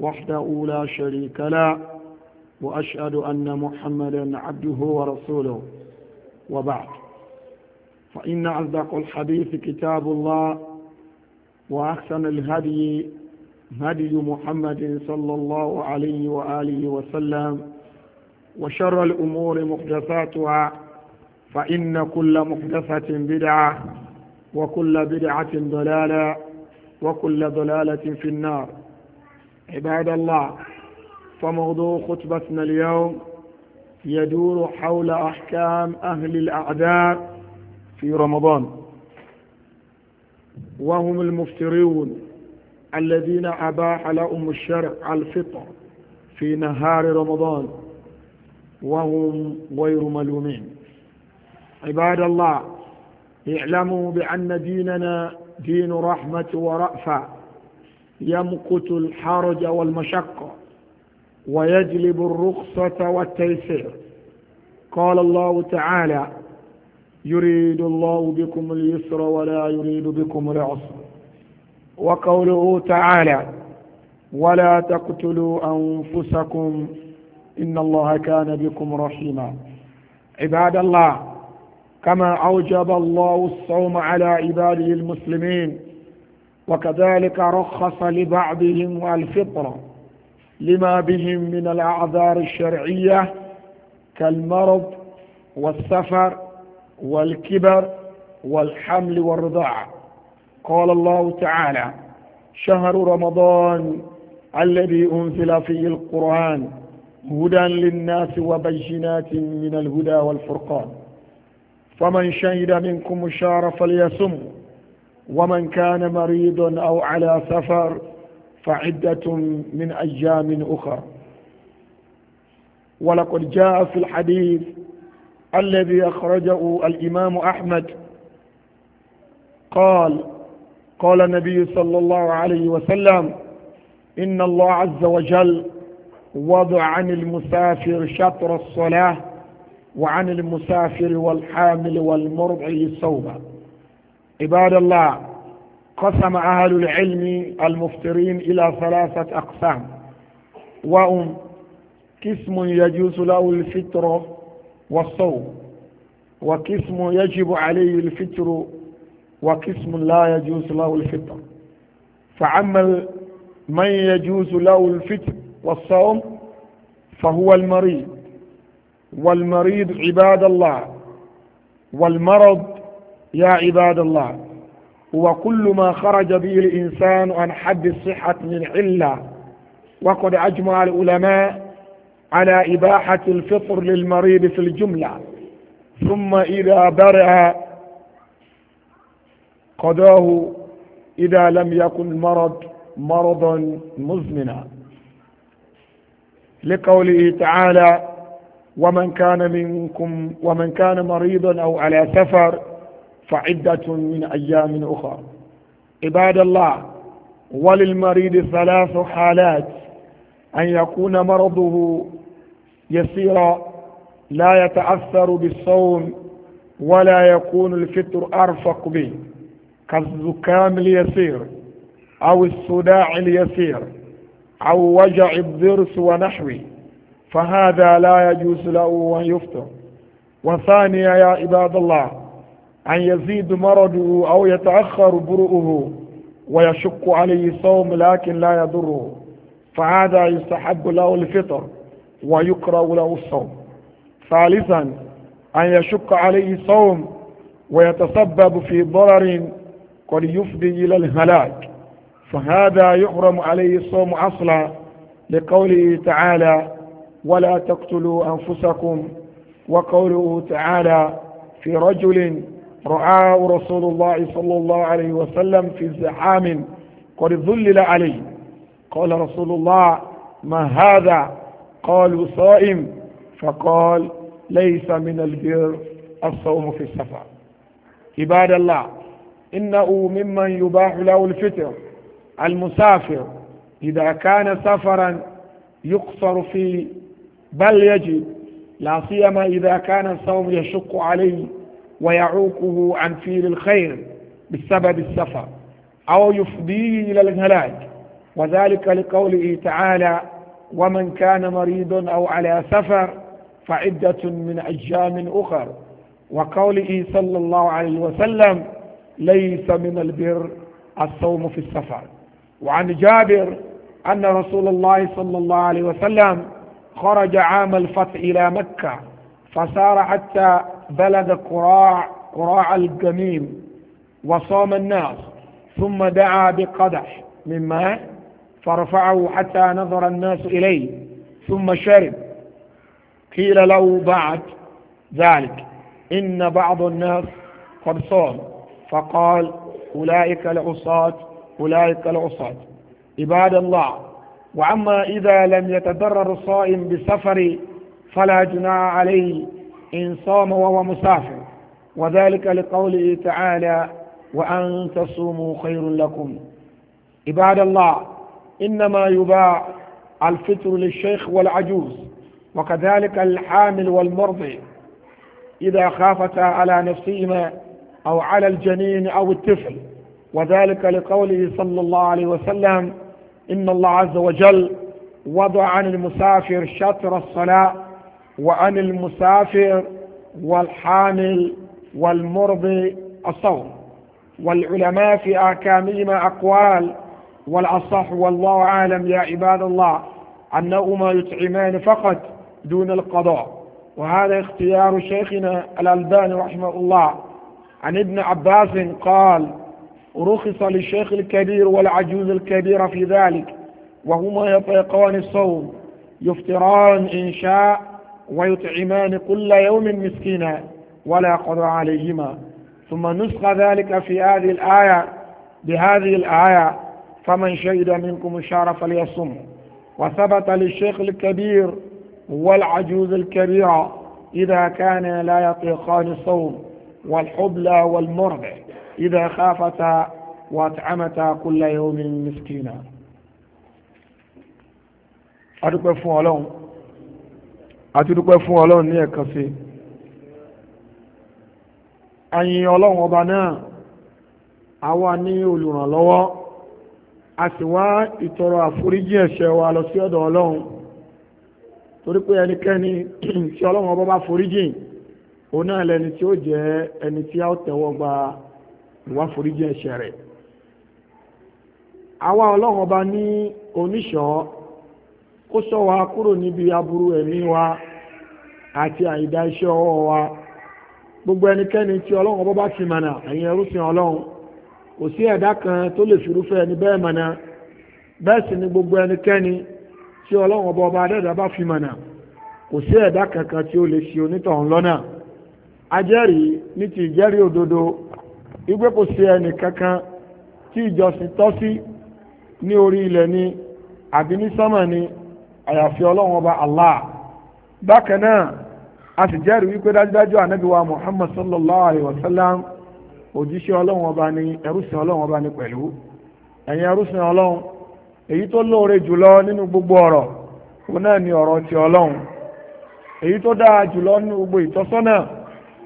وحده لا شريك له وأشهد أن محمدا عبده ورسوله وبعد فإن أصدق الحديث كتاب الله وأحسن الهدي هدي محمد صلى الله عليه وآله وسلم وشر الأمور محدثاتها فإن كل محدثة بدعة وكل بدعة ضلالة وكل ضلالة في النار عباد الله فموضوع خطبتنا اليوم يدور حول أحكام أهل الأعداء في رمضان وهم المفترون الذين أباح لهم الشرع الفطر في نهار رمضان وهم غير ملومين عباد الله اعلموا بأن ديننا دين رحمة ورأفة يمقت الحرج والمشقة ويجلب الرخصة والتيسير قال الله تعالى يريد الله بكم اليسر ولا يريد بكم العسر وقوله تعالى ولا تقتلوا أنفسكم إن الله كان بكم رحيما عباد الله كما أوجب الله الصوم على عباده المسلمين وكذلك رخص لبعضهم الفطرة لما بهم من الأعذار الشرعية كالمرض والسفر والكبر والحمل والرضاعة قال الله تعالى شهر رمضان الذي أنزل فيه القرآن هدى للناس وبينات من الهدى والفرقان فمن شهد منكم الشهر فليسمه ومن كان مريض أو على سفر فعدة من أيام أخرى ولقد جاء في الحديث الذي أخرجه الإمام أحمد قال قال النبي صلى الله عليه وسلم إن الله عز وجل وضع عن المسافر شطر الصلاة وعن المسافر والحامل والمرضع صوما عباد الله قسم أهل العلم المفترين إلى ثلاثة أقسام وهم قسم يجوز له الفطر والصوم وقسم يجب عليه الفطر وقسم لا يجوز له الفطر فعما من يجوز له الفطر والصوم فهو المريض والمريض عباد الله والمرض يا عباد الله وكل ما خرج به الإنسان عن حد الصحة من علة وقد أجمع العلماء على إباحة الفطر للمريض في الجملة ثم إذا برع قضاه إذا لم يكن المرض مرضا مزمنا لقوله تعالى ومن كان منكم ومن كان مريضا أو على سفر فعدة من أيام أخرى عباد الله وللمريض ثلاث حالات أن يكون مرضه يسيرا لا يتأثر بالصوم ولا يكون الفطر أرفق به كالزكام اليسير أو الصداع اليسير أو وجع الضرس ونحوه فهذا لا يجوز له أن يفطر وثانيا يا عباد الله أن يزيد مرضه أو يتأخر برؤه ويشق عليه صوم لكن لا يضره فهذا يستحب له الفطر ويكره له الصوم ثالثا أن يشق عليه صوم ويتسبب في ضرر قد يفضي إلى الهلاك فهذا يحرم عليه الصوم أصلا لقوله تعالى ولا تقتلوا أنفسكم وقوله تعالى في رجل رعاه رسول الله صلى الله عليه وسلم في زحام قد ظلل عليه قال رسول الله ما هذا قالوا صائم فقال ليس من البر الصوم في السفر عباد الله إنه ممن يباح له الفطر المسافر إذا كان سفرا يقصر فيه بل يجب لا سيما إذا كان الصوم يشق عليه ويعوقه عن فعل الخير بسبب السفر أو يفضيه إلى الهلاك وذلك لقوله تعالى ومن كان مريض أو على سفر فعدة من أيام أخر وقوله صلى الله عليه وسلم ليس من البر الصوم في السفر وعن جابر أن رسول الله صلى الله عليه وسلم خرج عام الفتح إلى مكة فسار حتى بلغ قراع قراع الجميم وصام الناس ثم دعا بقدح من ماء فرفعه حتى نظر الناس إليه ثم شرب قيل له بعد ذلك إن بعض الناس قد صام فقال أولئك العصاة أولئك العصاة عباد الله وأما إذا لم يتضرر الصائم بسفر فلا جناح عليه إن صام وهو مسافر وذلك لقوله تعالى وأن تصوموا خير لكم عباد الله إنما يباع الفطر للشيخ والعجوز وكذلك الحامل والمرضع إذا خافتا على نفسهما أو على الجنين أو الطفل وذلك لقوله صلى الله عليه وسلم إن الله عز وجل وضع عن المسافر شطر الصلاة وعن المسافر والحامل والمرضي الصوم والعلماء في أحكامهما أقوال والأصح والله أعلم يا عباد الله أنهما يطعمان فقط دون القضاء وهذا اختيار شيخنا الألباني رحمه الله عن ابن عباس قال رخص للشيخ الكبير والعجوز الكبيرة في ذلك وهما يطيقان الصوم يفطران إن شاء ويطعمان كل يوم مسكينا ولا قضى عليهما ثم نسخ ذلك في هذه الآية بهذه الآية فمن شهد منكم الشهر فليصم وثبت للشيخ الكبير والعجوز الكبيرة إذا كان لا يطيقان الصوم والحبلى والمرضع إذا خافتا وأطعمتا كل يوم مسكينا أدوك فون àti dúpẹ́ fún ọlọ́run ní ẹ̀kan sí àyìn ọlọ́run ọba náà àwa ní olùrànlọ́wọ́ a sì wá ìtọrọ àforíjì ẹ̀ṣẹ̀ wa lọ sí ọ̀dọ̀ ọlọ́run torí pé ẹnikẹ́ni tí ọlọ́run ọba bá foríjì òun náà lẹni tí ó jẹ́ ẹni tí a ó tẹ̀wọ́ gba ìwà foríjì ẹ̀ṣẹ̀ rẹ̀ àwa ọlọ́run ọba ní oníṣọ́ kó sọ wa kúrò níbi aburú ẹ̀mí wa àti àìdá iṣẹ́ ọwọ́ wa gbogbo ẹnikẹ́ni tí ọlọ́run ọba bá ti mọ̀nà ọlọ́run kò sí ẹ̀dá kan tó lè ẹni bẹ́ẹ̀ mọ̀nà bẹ́ẹ̀ sì ni gbogbo ẹnikẹ́ni tí ọlọ́run ọba fi mọ̀nà kò sí ẹ̀dá kankan tí ó lè onítọ̀hún lọ́nà ajẹ́rìí ní ti ìjẹ́rìí òdodo kò kankan tí ìjọsìn ní orí ilẹ̀ ni àyàfi ọlọ́run ọba allah bákan náà a sì jẹ́rìí wípé dájúdájú ànábì wa muhammad sallallahu alayhi wa sallam òjíṣẹ́ ọlọ́run ọba ni ẹrúsìn ọlọ́run ọba ni pẹ̀lú ẹ̀yin ẹrúsìn ọlọ́run èyí tó lóore jùlọ nínú gbogbo ọ̀rọ̀ òun náà ni ọ̀rọ̀ ti ọlọ́run èyí tó dáa jùlọ nínú gbogbo ìtọ́sọ́nà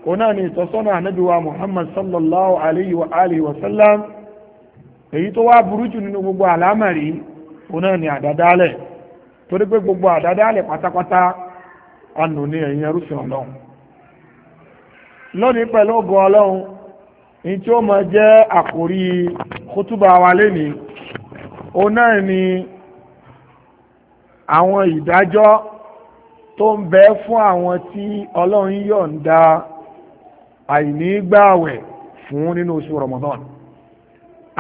òun náà ni ìtọ́sọ́nà ànábì wa muhammad sallallahu alayhi wa alihi wa sallam èyí tó wá burú jù nínú gbogbo àlámàrí òun náà ni àdádálẹ̀ torí pé gbogbo àdádálẹ̀ pátápátá anù ni ẹ̀yin ẹrúsìn ọlọ́run lónìí pẹ̀lú ògùn ọlọ́run ní tí ó mọ jẹ́ àkórí kútúbà wa lénìí òun náà ni àwọn ìdájọ́ tó ń bẹ fún àwọn tí ọlọ́run yọ̀ǹda àìní gbààwẹ̀ fún nínú oṣù Ramadan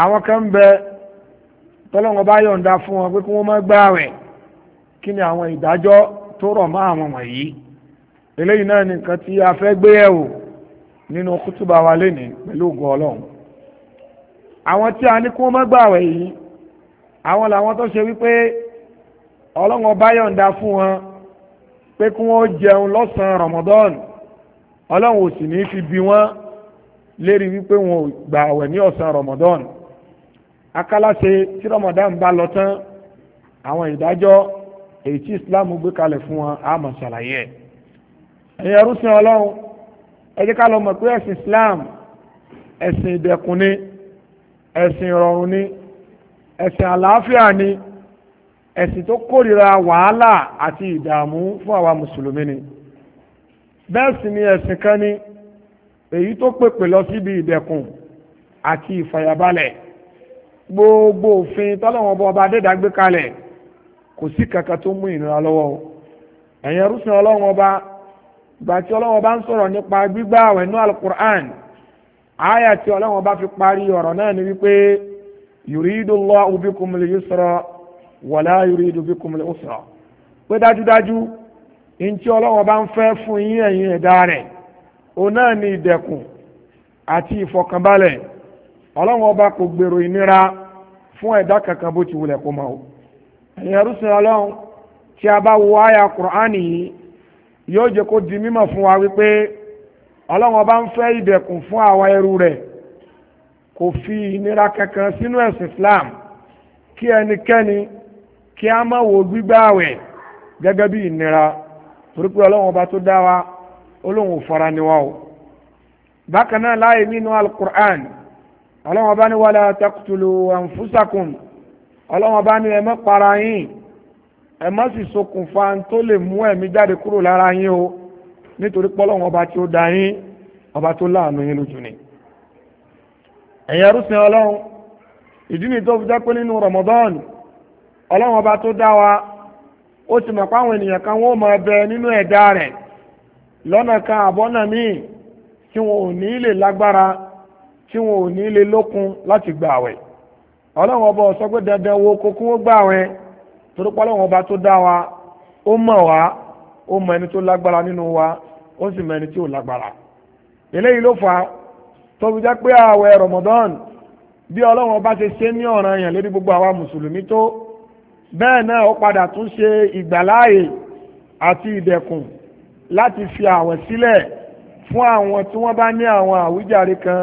àwọn kan ń bẹ tọ́lọ́run bá yọ̀ǹda fún wọn pé kí wọ́n má gbààwẹ̀ kí ni àwọn ìdájọ́ tó rọ̀ mọ́ àwọn wọ̀nyí eléyìí náà nìkan tí a fẹ́ gbé yẹ̀wò nínú kútùbà wa lénìí pẹ̀lú ògo ọlọ́run àwọn tí a ní kí wọ́n má gbààwẹ̀ yìí àwọn làwọn tó ṣe wípé ọlọ́run ọba yọ̀ǹda fún wọn pé kí wọ́n jẹun lọ́sàn-án Ramadan ọlọ́run ò sì ní fi bí wọ́n lérí wípé wọn ò gbààwẹ̀ ní ọ̀sán Ramadan akáláṣe tí Ramadan bá lọ tán àwọn ìdájọ́ èyí tí islam gbé kalẹ̀ fún wọn a máa ṣàlàyé ẹ̀ ẹ̀yin ẹrú ọlọ́run ẹ ká lọ mọ̀ pé ẹ̀sìn islam ẹ̀sìn ìdẹ̀kùn ni ẹ̀sìn ìrọ̀rùn ni ẹ̀sìn àlàáfíà ni ẹ̀sìn tó kórìíra wàhálà àti ìdààmú fún àwa mùsùlùmí ni bẹ́ẹ̀ sì ni ẹ̀sìn kan ni èyí tó pèpè lọ síbi ìdẹ̀kùn àti ìfàyàbalẹ̀ gbogbo òfin tọ́lọ́wọ́n bọ́ ọba adẹ́dàgbé kalẹ̀ kò sí kankan tó mú ìnira lọ́wọ́ o ẹ̀yin ẹrúsìn ọlọ́run ọba ìgbà tí ọlọ́run ọba ń sọ̀rọ̀ nípa gbígbà àwẹ̀ nínú alukur'an àyà tí ọlọ́run ọba fi parí ọ̀rọ̀ náà ni wípé yuridullahu bikumul yusra wala yuridu bikumul usra pé dájúdájú ntí ọlọ́run ọba ń fẹ́ fún yín ẹ̀yin ẹ̀dá rẹ̀ òun náà ni ìdẹ̀kùn àti ìfọkànbalẹ̀ ọlọ́run ọba kò gbèrò ìnira fún ẹ̀dá kankan bó ti wulẹ̀ kó máa wò ẹ̀yẹrúsìn ọlọ́run tí a bá wo àyà kùránì yìí yóò jẹ́ kó di mímọ̀ fún wa wípé ọlọ́run ọba ń fẹ́ ìdẹ̀kùn fún àwa ẹrú rẹ̀ kò fi ìnira kankan sínú ẹ̀sìn Islam kí ẹnikẹ́ni kí a má wo gbígbààwẹ̀ gẹ́gẹ́ bí ìnira torí pé ọlọ́run ọba tó dá wa olóhùn òfara ni wa o bákan náà láàyè nínú alukur'an ọlọ́run ọba ní wàlá taqtulu anfusakum ọlọ́wọ́n bá ní ẹ má para yín ẹ má sì ṣokùnfà tó lè mú ẹ̀mí jáde kúrò lára yín o nítorí pọ́lọ́wọ́n ọba tí ó dá yín ọba tó láàánú yín lójú ni ẹ̀yẹ rúsìn ọlọ́run ìdí ni tó fi jẹ́ pé nínú Ramadan ọlọ́run ọba tó dá wa ó ti mọ̀ páwọn ènìyàn kan wọ́n máa bẹ nínú ẹ̀dá rẹ̀ lọ́nà kan àbọ́nà míì tí wọn ò ní lè lágbára tí wọn ò ní lè lókun láti gbà àwẹ̀ ọlọ́run ọba ọ̀sọ́ pé dandan wo kókó wó gbà wẹ́ torí pé ọlọ́run ọba tó dá wa ó mọ̀ wá ó mọ ẹni tó lágbára nínú wa ó sì mọ ẹni tí ò lágbára eléyìí ló fà á tó fi pé ààwẹ̀ Ramadan bí ọlọ́run ọba ṣe ṣe ní ọ̀ràn yẹn lórí gbogbo àwa mùsùlùmí tó bẹ́ẹ̀ náà ó padà tún ṣe ìgbàláàyè àti ìdẹ̀kùn láti fi àwẹ̀ sílẹ̀ fún àwọn tí wọ́n bá ní àwọn àwíjàre kan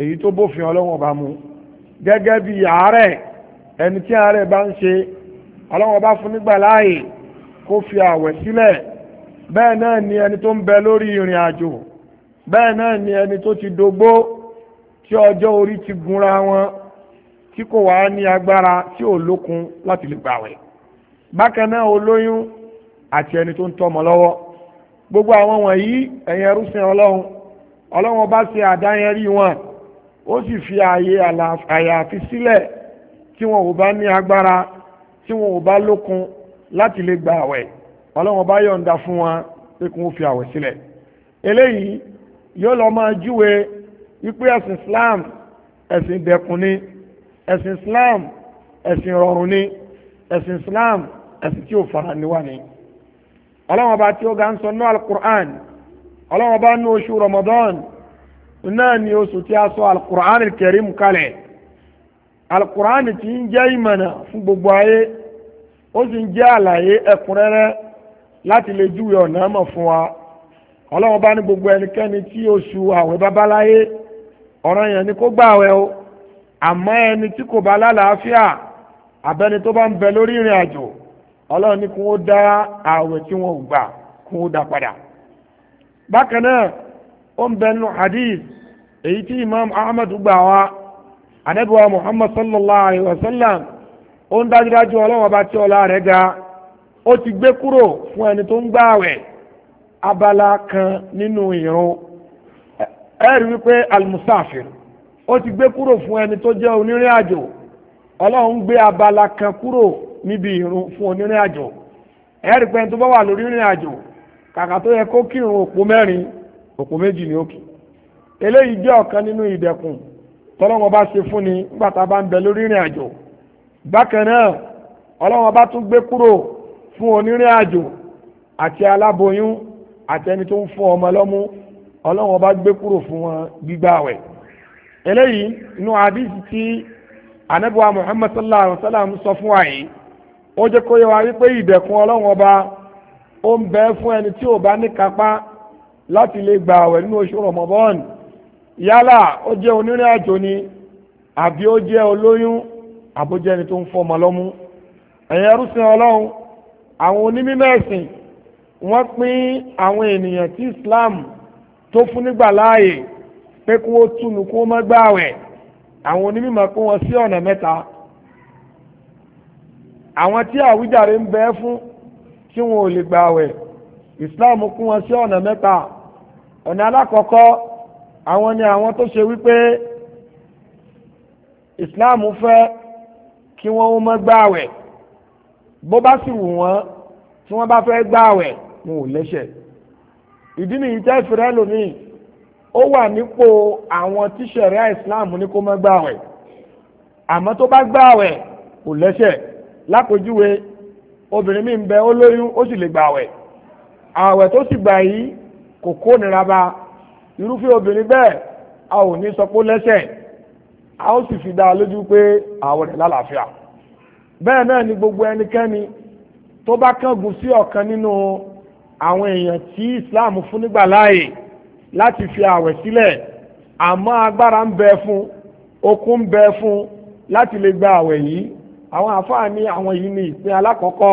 èyí tó bófin ọlọ́run ọba mu gẹ́gẹ́ bí àárẹ̀ ẹni tí àárẹ̀ bá ń ṣe ọlọ́wọ́n bá fún nígbà láàyè kó fi àwẹ̀ sílẹ̀ bẹ́ẹ̀ náà ni ẹni tó ń bẹ lórí ìrìn àjò bẹ́ẹ̀ náà ni ẹni tó ti dogbó tí ọjọ́ orí ti gunra wọn tí kò wá ní agbára tí ò lókun láti lè gbàwẹ̀ bákan náà olóyún àti ẹni tó ń tọ́mọ lọ́wọ́ gbogbo àwọn wọ̀nyí ẹ̀yin sin ọlọ́run ọlọ́run bá ṣe àdáyẹrí wọn ó sì fi ààyè àyàfi sílẹ̀ tí wọn ò bá ní agbára tí wọn ò bá lókun láti lè gba àwẹ̀ ọlọ́wọ́n bá yọ̀ǹda fún wọn pé kí wọ́n fi àwẹ̀ sílẹ̀ eléyìí yóò lọ máa júwe wípé ẹ̀sìn Islam ẹ̀sìn dẹ̀kùn ni ẹ̀sìn Islam ẹ̀sìn rọrùn ni ẹ̀sìn Islam ẹ̀sìn tí ò fara níwá ni ọlọ́wọ́n bá tí ó ga ń sọ ní alukur'an ọlọ́wọ́n bá ní oṣù Ramadan náà ni oṣù tí a sọ alukur'an kẹrim kalẹ̀ alukur'an ti ń jẹ́ ìmọ̀nà fún gbogbo ayé ó sì ń jẹ́ àlàyé ẹ̀kúnrẹ́rẹ́ láti lè júwe ọ̀nà mọ̀ fún wa ọlọ́run bá ní gbogbo ẹnikẹ́ni tí oṣù àwẹ̀ babaláyé ọ̀ràn yẹn ni kó gbààwẹ̀ o àmọ́ ẹni tí kò bá lálàáfíà abẹ́ni tó bá ń bẹ lórí ìrìn àjò ọlọ́run ní kí wọ́n dá ààwẹ̀ tí wọ́n gbà ó ń bẹnu hadith èyí tí imam ahmed gbà wá anabiwa muhammad sallallahu alayhi wa sallam ó ń dájúdájú ọlọ́wọ́ bá tí ọlá rẹ̀ ga ó ti gbé kúrò fún ẹni tó ń gbààwẹ̀ abala kan nínú ẹ rí wípé almusafir ó ti gbé kúrò fún ẹni tó jẹ́ onírìn àjò ọlọ́run gbé abala kan kúrò níbi fún onírìn àjò ẹ rí pé ẹni tó bá wà lórí ìrìn àjò òpó méjì ní òkè eléyìí jẹ́ ọ̀kan nínú ìdẹ̀kùn tọ́lọ́wọ́n bá ṣe fún ni nígbà tá a bá ń bẹ lórí ìrìn àjò bákan náà ọlọ́wọ́n bá tún gbé kúrò fún onírìn àjò àti aláboyún àti ẹni tó ń fún ọmọ lọ́mú ọlọ́wọ́n bá gbé kúrò fún wọn gbígbààwẹ̀ eléyìí inú àdìsí tí anabiwa muhammad sallallahu alaihi wa sallam sọ fún wa yìí ó jẹ́ kó yẹ wá wípé ìdẹ̀kùn ọlọ́wọ́n bá ó ń bẹ fún ẹni tí ò bá ní kápá láti lè gba àwẹ̀ nínú oṣù rọmọbọ́ọ̀nù yálà ó jẹ́ onírìn àjò ni àbí ó jẹ́ olóyún àbójẹ́ni tó ń fọmọ lọ́mú ẹ̀yin ẹrúsìn ọlọ́run àwọn onímímẹ́sìn wọ́n pín àwọn ènìyàn tí Islam tó fún nígbà láàyè pé kó túnú kó má gbààwẹ̀ àwọn onímọ̀ kó wọn sí ọ̀nà mẹ́ta àwọn tí àwíjàre ń bẹ fún tí wọn ò lè gbààwẹ̀ Islam kó wọn sí ọ̀nà mẹ́ta ọ̀nà alákọ̀ọ́kọ́ àwọn ni àwọn tó ṣe wípé islam fẹ́ kí wọ́n ó máa gbààwẹ̀ bó bá sì wù wọ́n tí wọ́n bá fẹ́ gbààwẹ̀ wọn ò lẹ́sẹ̀ ìdí nìyí tẹ́ fìrẹ́ lónìí ó wà nípò àwọn tí islam ní kó máa gbààwẹ̀ àmọ́ tó bá gbààwẹ̀ kò lẹ́sẹ̀ lápòjúwe obìnrin mi ń bẹ ó lóyún ó sì lè gbààwẹ̀ ààwẹ̀ tó sì gbà yìí kò kó nira bá irúfẹ́ obìnrin bẹ́ẹ̀ a ò ní sọ pé lẹ́sẹ̀ a ó sì fi dá a lójú pé àwọn rẹ̀ lálàáfíà bẹ́ẹ̀ náà ni gbogbo ẹnikẹ́ni tó bá kángun sí ọ̀kan nínú àwọn èèyàn tí Islam fún nígbà láàyè láti fi àwẹ̀ sílẹ̀ àmọ́ agbára ń bẹ fún okun ń bẹ fún láti lè gba àwẹ̀ yìí àwọn àfáà ní àwọn yìí ni ìpín alákọ̀ọ́kọ́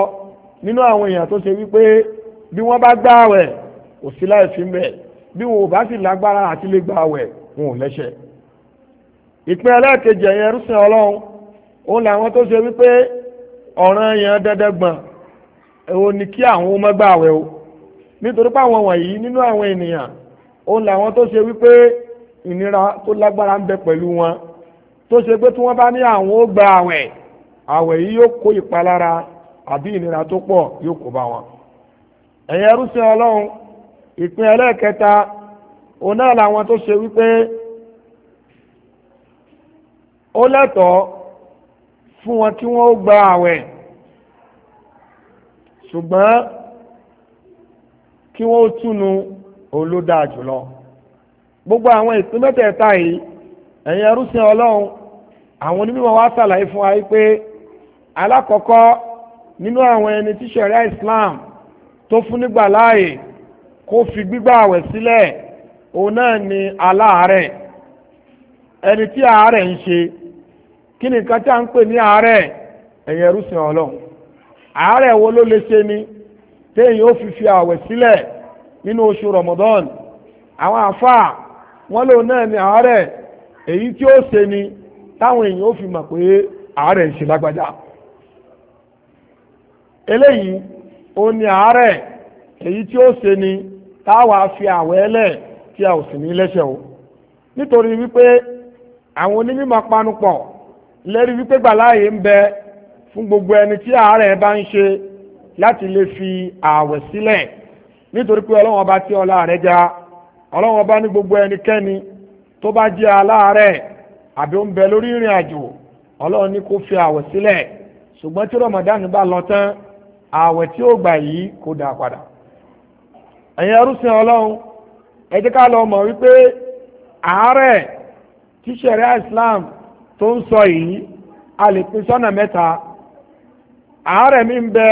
nínú àwọn èèyàn tó ṣe wípé bí wọ́n bá gba àwẹ̀ kò sí láìsí mbẹ bí wọn ò bá sì lágbára àti lè gba àwẹ̀ wọn ò lẹ́ṣẹ̀ ìpín ẹlẹ́ẹ̀kejì ẹ̀yìn ẹrúsìn ọlọ́run òun làwọn tó ṣe wípé ọ̀ràn yẹn dẹ́dẹ́ gbọ̀n òun ni kí àwọn ọmọ gbà àwẹ̀ o nítorí pé àwọn wọ̀nyí nínú àwọn ènìyàn òun làwọn tó ṣe wípé ìnira tó lágbára ń bẹ pẹ̀lú wọn tó ṣe pé tí wọ́n bá ní àwọn ó gba àwẹ̀ àwẹ̀ yìí yóò kó ìpalára àbí ìnira tó pọ̀ yóò kó bá wọn ẹ̀yin ẹrúsìn ọlọ́run ìpín ẹlẹ́ẹ̀kẹta òun náà làwọn tó ṣe wípé ó lẹ́tọ̀ọ́ fún wọn kí wọ́n ó gba àwẹ̀ ṣùgbọ́n kí wọ́n ó túnu òun ló dáa jùlọ gbogbo àwọn ìpín mẹ́tẹ̀ẹ̀ta yìí ẹ̀yin ẹrúsìn ọlọ́run àwọn onímọ̀ wa ṣàlàyé fún wa pé alákọ̀ọ́kọ́ nínú àwọn ẹni tí Islam tó fún nígbà láàyè kó fi gbígbà àwẹ̀ sílẹ̀ òun náà ni aláàárẹ̀ ẹni tí àárẹ̀ ń ṣe kí ni nǹkan tí a ń pè ní àárẹ̀ ẹ̀yẹ rúṣin wo ló lè ṣe ni téèyàn ó fi fi àwẹ̀ sílẹ̀ nínú oṣù Ramadan àwọn wọn lòun náà ni àárẹ̀ èyí ni táwọn èèyàn ó fi mọ̀ pé àárẹ̀ ń ṣe lágbájá eléyìí àárẹ̀ èyí ni táwa fi àwẹ̀ lẹ̀ tí a ò sì ní lẹ́sẹ̀ o nítorí wípé àwọn onímọ̀ panupọ̀ lẹ́rí wípé gbàláàyè ń bẹ fún gbogbo ẹni tí àárẹ̀ bá ń ṣe láti lè fi àwẹ̀ sílẹ̀ nítorí pé ọlọ́wọ́n bá tí ọlá rẹ̀ já ọlọ́wọ́n bá ní gbogbo ẹnikẹ́ni tó bá jẹ́ aláàárẹ̀ àbí ń bẹ lórí ìrìn àjò ọlọ́run ní kó fi àwẹ̀ sílẹ̀ ṣùgbọ́n tí rọmọdánù bá lọ tán àwẹ̀ tí ó gbà yìí kó dá padà ẹ̀yin arúsìn ọlọ́run ẹ jẹ́ ká lọ mọ̀ wípé àárẹ̀ tí Islam tó ń sọ yìí a lè pín sọ́nà mẹ́ta àárẹ̀ mi ń bẹ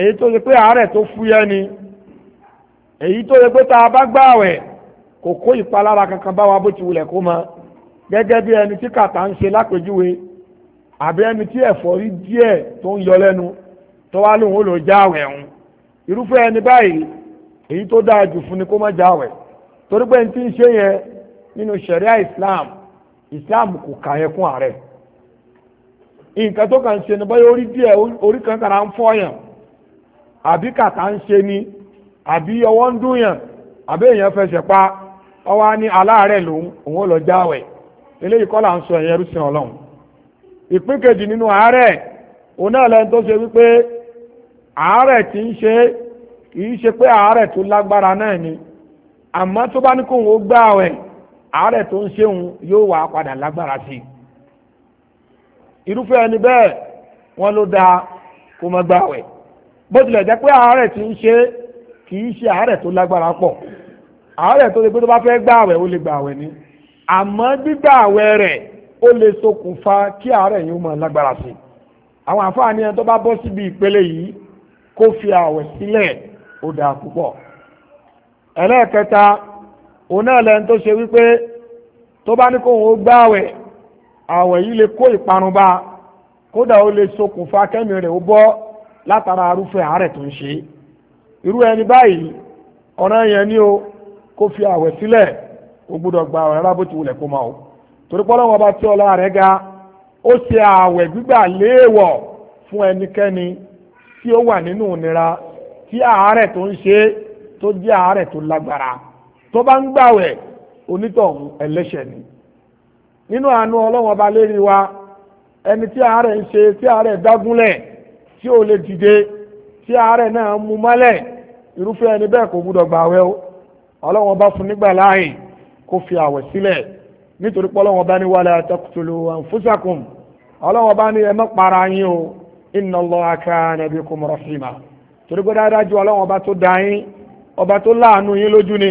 èyí tó ṣe pé àárẹ̀ tó fúyẹ́ ni èyí tó ṣe pé tá a bá gbààwẹ̀ kò kó ìpalára kankan bá wa bó ti wulẹ̀ kó ma gẹ́gẹ́ bí ẹni tí kàtà ń ṣe lápèjúwe àbí ẹni tí ẹ̀fọ́rí díẹ̀ tó ń yọ lẹ́nu tó wá lóun ó lò jáwẹ̀ ọ̀hún irúfẹ́ ẹni báyìí èyí tó dáa jù fún ni kó má jáwẹ̀ torí pé n ti ń ṣe yẹn nínú ṣẹ̀ríà islam islam kò kà yẹn fún ààrẹ nǹkan tó kàn ń ṣe ni báyọ̀ orí díẹ̀ orí kan kàrà ń fọyàn àbí kàtà ń ṣe ni àbí ọwọ́ ń dún yàn àbí èèyàn fẹsẹ̀ pa ọwọ́ á ní aláàárẹ̀ lòun òun ò lọ jáwẹ̀ eléyìí kọ́ là ń sọ ẹ̀yẹ rúṣin ọlọ́run ìpín kejì nínú àárẹ̀ òun náà lẹ́nu tó ṣe wípé àárẹ̀ ti ń ṣe é kì í ṣe pé àárẹ̀ tó lágbára náà ni àmọ́ tó bá ní kóun ó gbá àwẹ̀ àárẹ̀ tó ń ṣeun yóò wà padà lágbára sí i irúfẹ́ ẹni bẹ́ẹ̀ wọ́n ló dáa kó má gbá àwẹ̀ bó tilẹ̀ jẹ́ pé àárẹ̀ tí ń ṣe kì í ṣe àárẹ̀ tó lágbára pọ̀ àárẹ̀ tó lè pé tó bá fẹ́ gbá àwẹ̀ ó lè gbá àwẹ̀ ni àmọ́ gbígbà àwẹ̀ rẹ̀ ó lè ṣokùnfà kí àárẹ̀ yìí ó lágbára sí i àwọn àǹfààní ẹni tó bá bọ́ síbi ìpele yìí kó fi àwẹ̀ sílẹ̀ oda dáa púpọ̀ ẹlẹ́ẹ̀kẹta òun náà lẹ́nu tó ṣe wípé tó bá ní kóun ó gbáwẹ̀ àwẹ̀ yìí lè kó ìparun bá kódà ó lè ṣokùnfà kẹ́mi rẹ̀ ó bọ́ látara arúfẹ́ àárẹ̀ tó ń ṣe irú ẹni báyìí ọ̀nà yẹn ni kó fi àwẹ̀ sílẹ̀ ó gbúdọ̀ gba rárá bó ti wulẹ̀ kó máa o torí tí ọlá rẹ̀ ga ó tí àárẹ̀ tó ń ṣe tó jẹ́ àárẹ̀ tó lágbára tó bá ń gbàwẹ̀ onítọ̀hún ẹlẹ́ṣẹ̀ ni nínú àánú ọlọ́wọ́n ọba lérí wa ẹni tí àárẹ̀ ń ṣe tí àárẹ̀ dágúnlẹ̀ tí ò lè dìde tí àárẹ̀ náà mú mọ́lẹ̀ irúfẹ́ ẹni bẹ́ẹ̀ kò gbúdọ̀ gbàwẹ̀ o ọlọ́wọ́n ọba fún nígbà láàyè kó fi àwẹ̀ sílẹ̀ nítorí pé ọlọ́wọ́n ní wala taqtulu anfusakum ọlọ́wọ́n ọba ní ẹ má para yín o inna Allaha kana bikum rahima torí pé dáadáa ju ọlọ́run ọba tó dá yín ọba tó láàánú yín lójú ni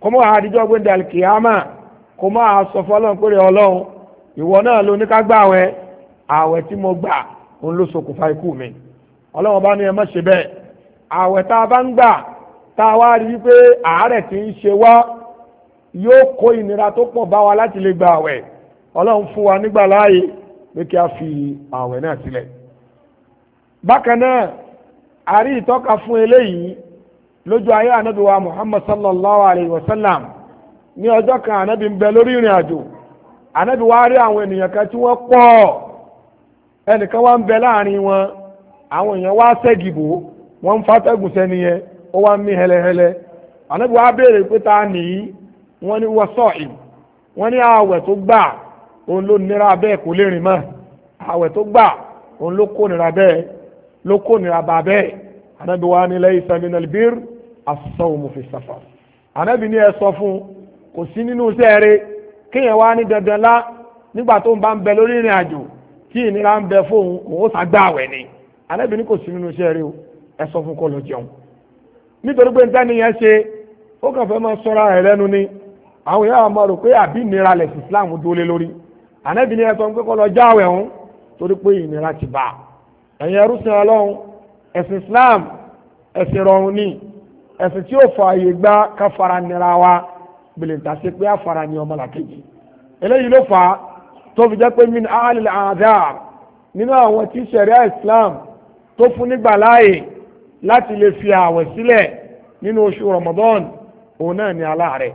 kó mọ́ àdíjọ́ pé dàlkìámà kó mọ́ àsọ fọlọ́run pé ọlọ́run ìwọ náà ló ní ká gbà wẹ̀ àwẹ̀ tí mo gbà òun ló ṣokùnfà ikú mi ọlọ́run ọba ní ẹ má ṣe bẹ́ẹ̀ àwẹ̀ tá a bá ń gbà tá a wá rí i pé àárẹ̀ tí ń ṣe wá yóò kó ìnira tó pọ̀ bá wa láti lè gba àwẹ̀ ọlọ́run fún wa nígbà láàyè pé kí a fi àwẹ̀ náà sílẹ̀ bákan náà àrí ìtọ́ka fún eléyìí lójú ayé ànábì wa muhammad sallallahu alayhi wa sallam ní ọjọ́ kan ànábì ń bẹ lórí ìrìn àjò ànábì wa rí àwọn ènìyàn kan tí wọ́n pọ̀ ẹnìkan wá ń bẹ láàrin wọn àwọn èèyàn wá ṣẹ́gìbò wọ́n ń fatẹ́gùn sẹ́ni yẹn ó wá ń mí hẹlẹhẹlẹ wa béèrè pé ta wọ́n ní ló kó nira bẹ́ẹ̀ anabi wa ni laysa min albir as-sawmu fi safar anabi ni ẹ sọ fún kò sí nínú sẹ́ẹ̀rẹ́ kéèyàn wá ní dandan lá nígbà tó ń bá ń bẹ lórí ìrìn àjò tí ìnira ń bẹ fóun òun ó sàgbàwẹ̀ ni anabi ni kò sí nínú sẹ́ẹ̀rẹ́ o ẹ sọ fún kó lọ jẹun nítorí pé níta nìyẹn ṣe ó kàn fẹ́ máa sọ́ra rẹ̀ lẹ́nu ni àwọn èèyàn máa rò pé àbí ìnira lẹ̀sìn Islam dúró lé lórí anabi ni ẹ sọ fún kó lọ jáwẹ̀ òun torí pé ìnira ti bá a ẹ̀yin ẹrúsìn ọlọ́run ẹ̀sìn islam ẹ̀sìn rọrùn ni ẹ̀sìn tí ó fa àyè gbá ká fara nira wa gbèlèǹtà sí pé àfara ni ọmọlàkejì eléyìí ló fà tó fi jẹ́ pé min alil adar nínú àwọn tí ṣẹ̀ríà islam tó fún nígbà láàyè láti lè fi àwẹ̀ sílẹ̀ nínú oṣù ramadan òun náà ni aláàárẹ̀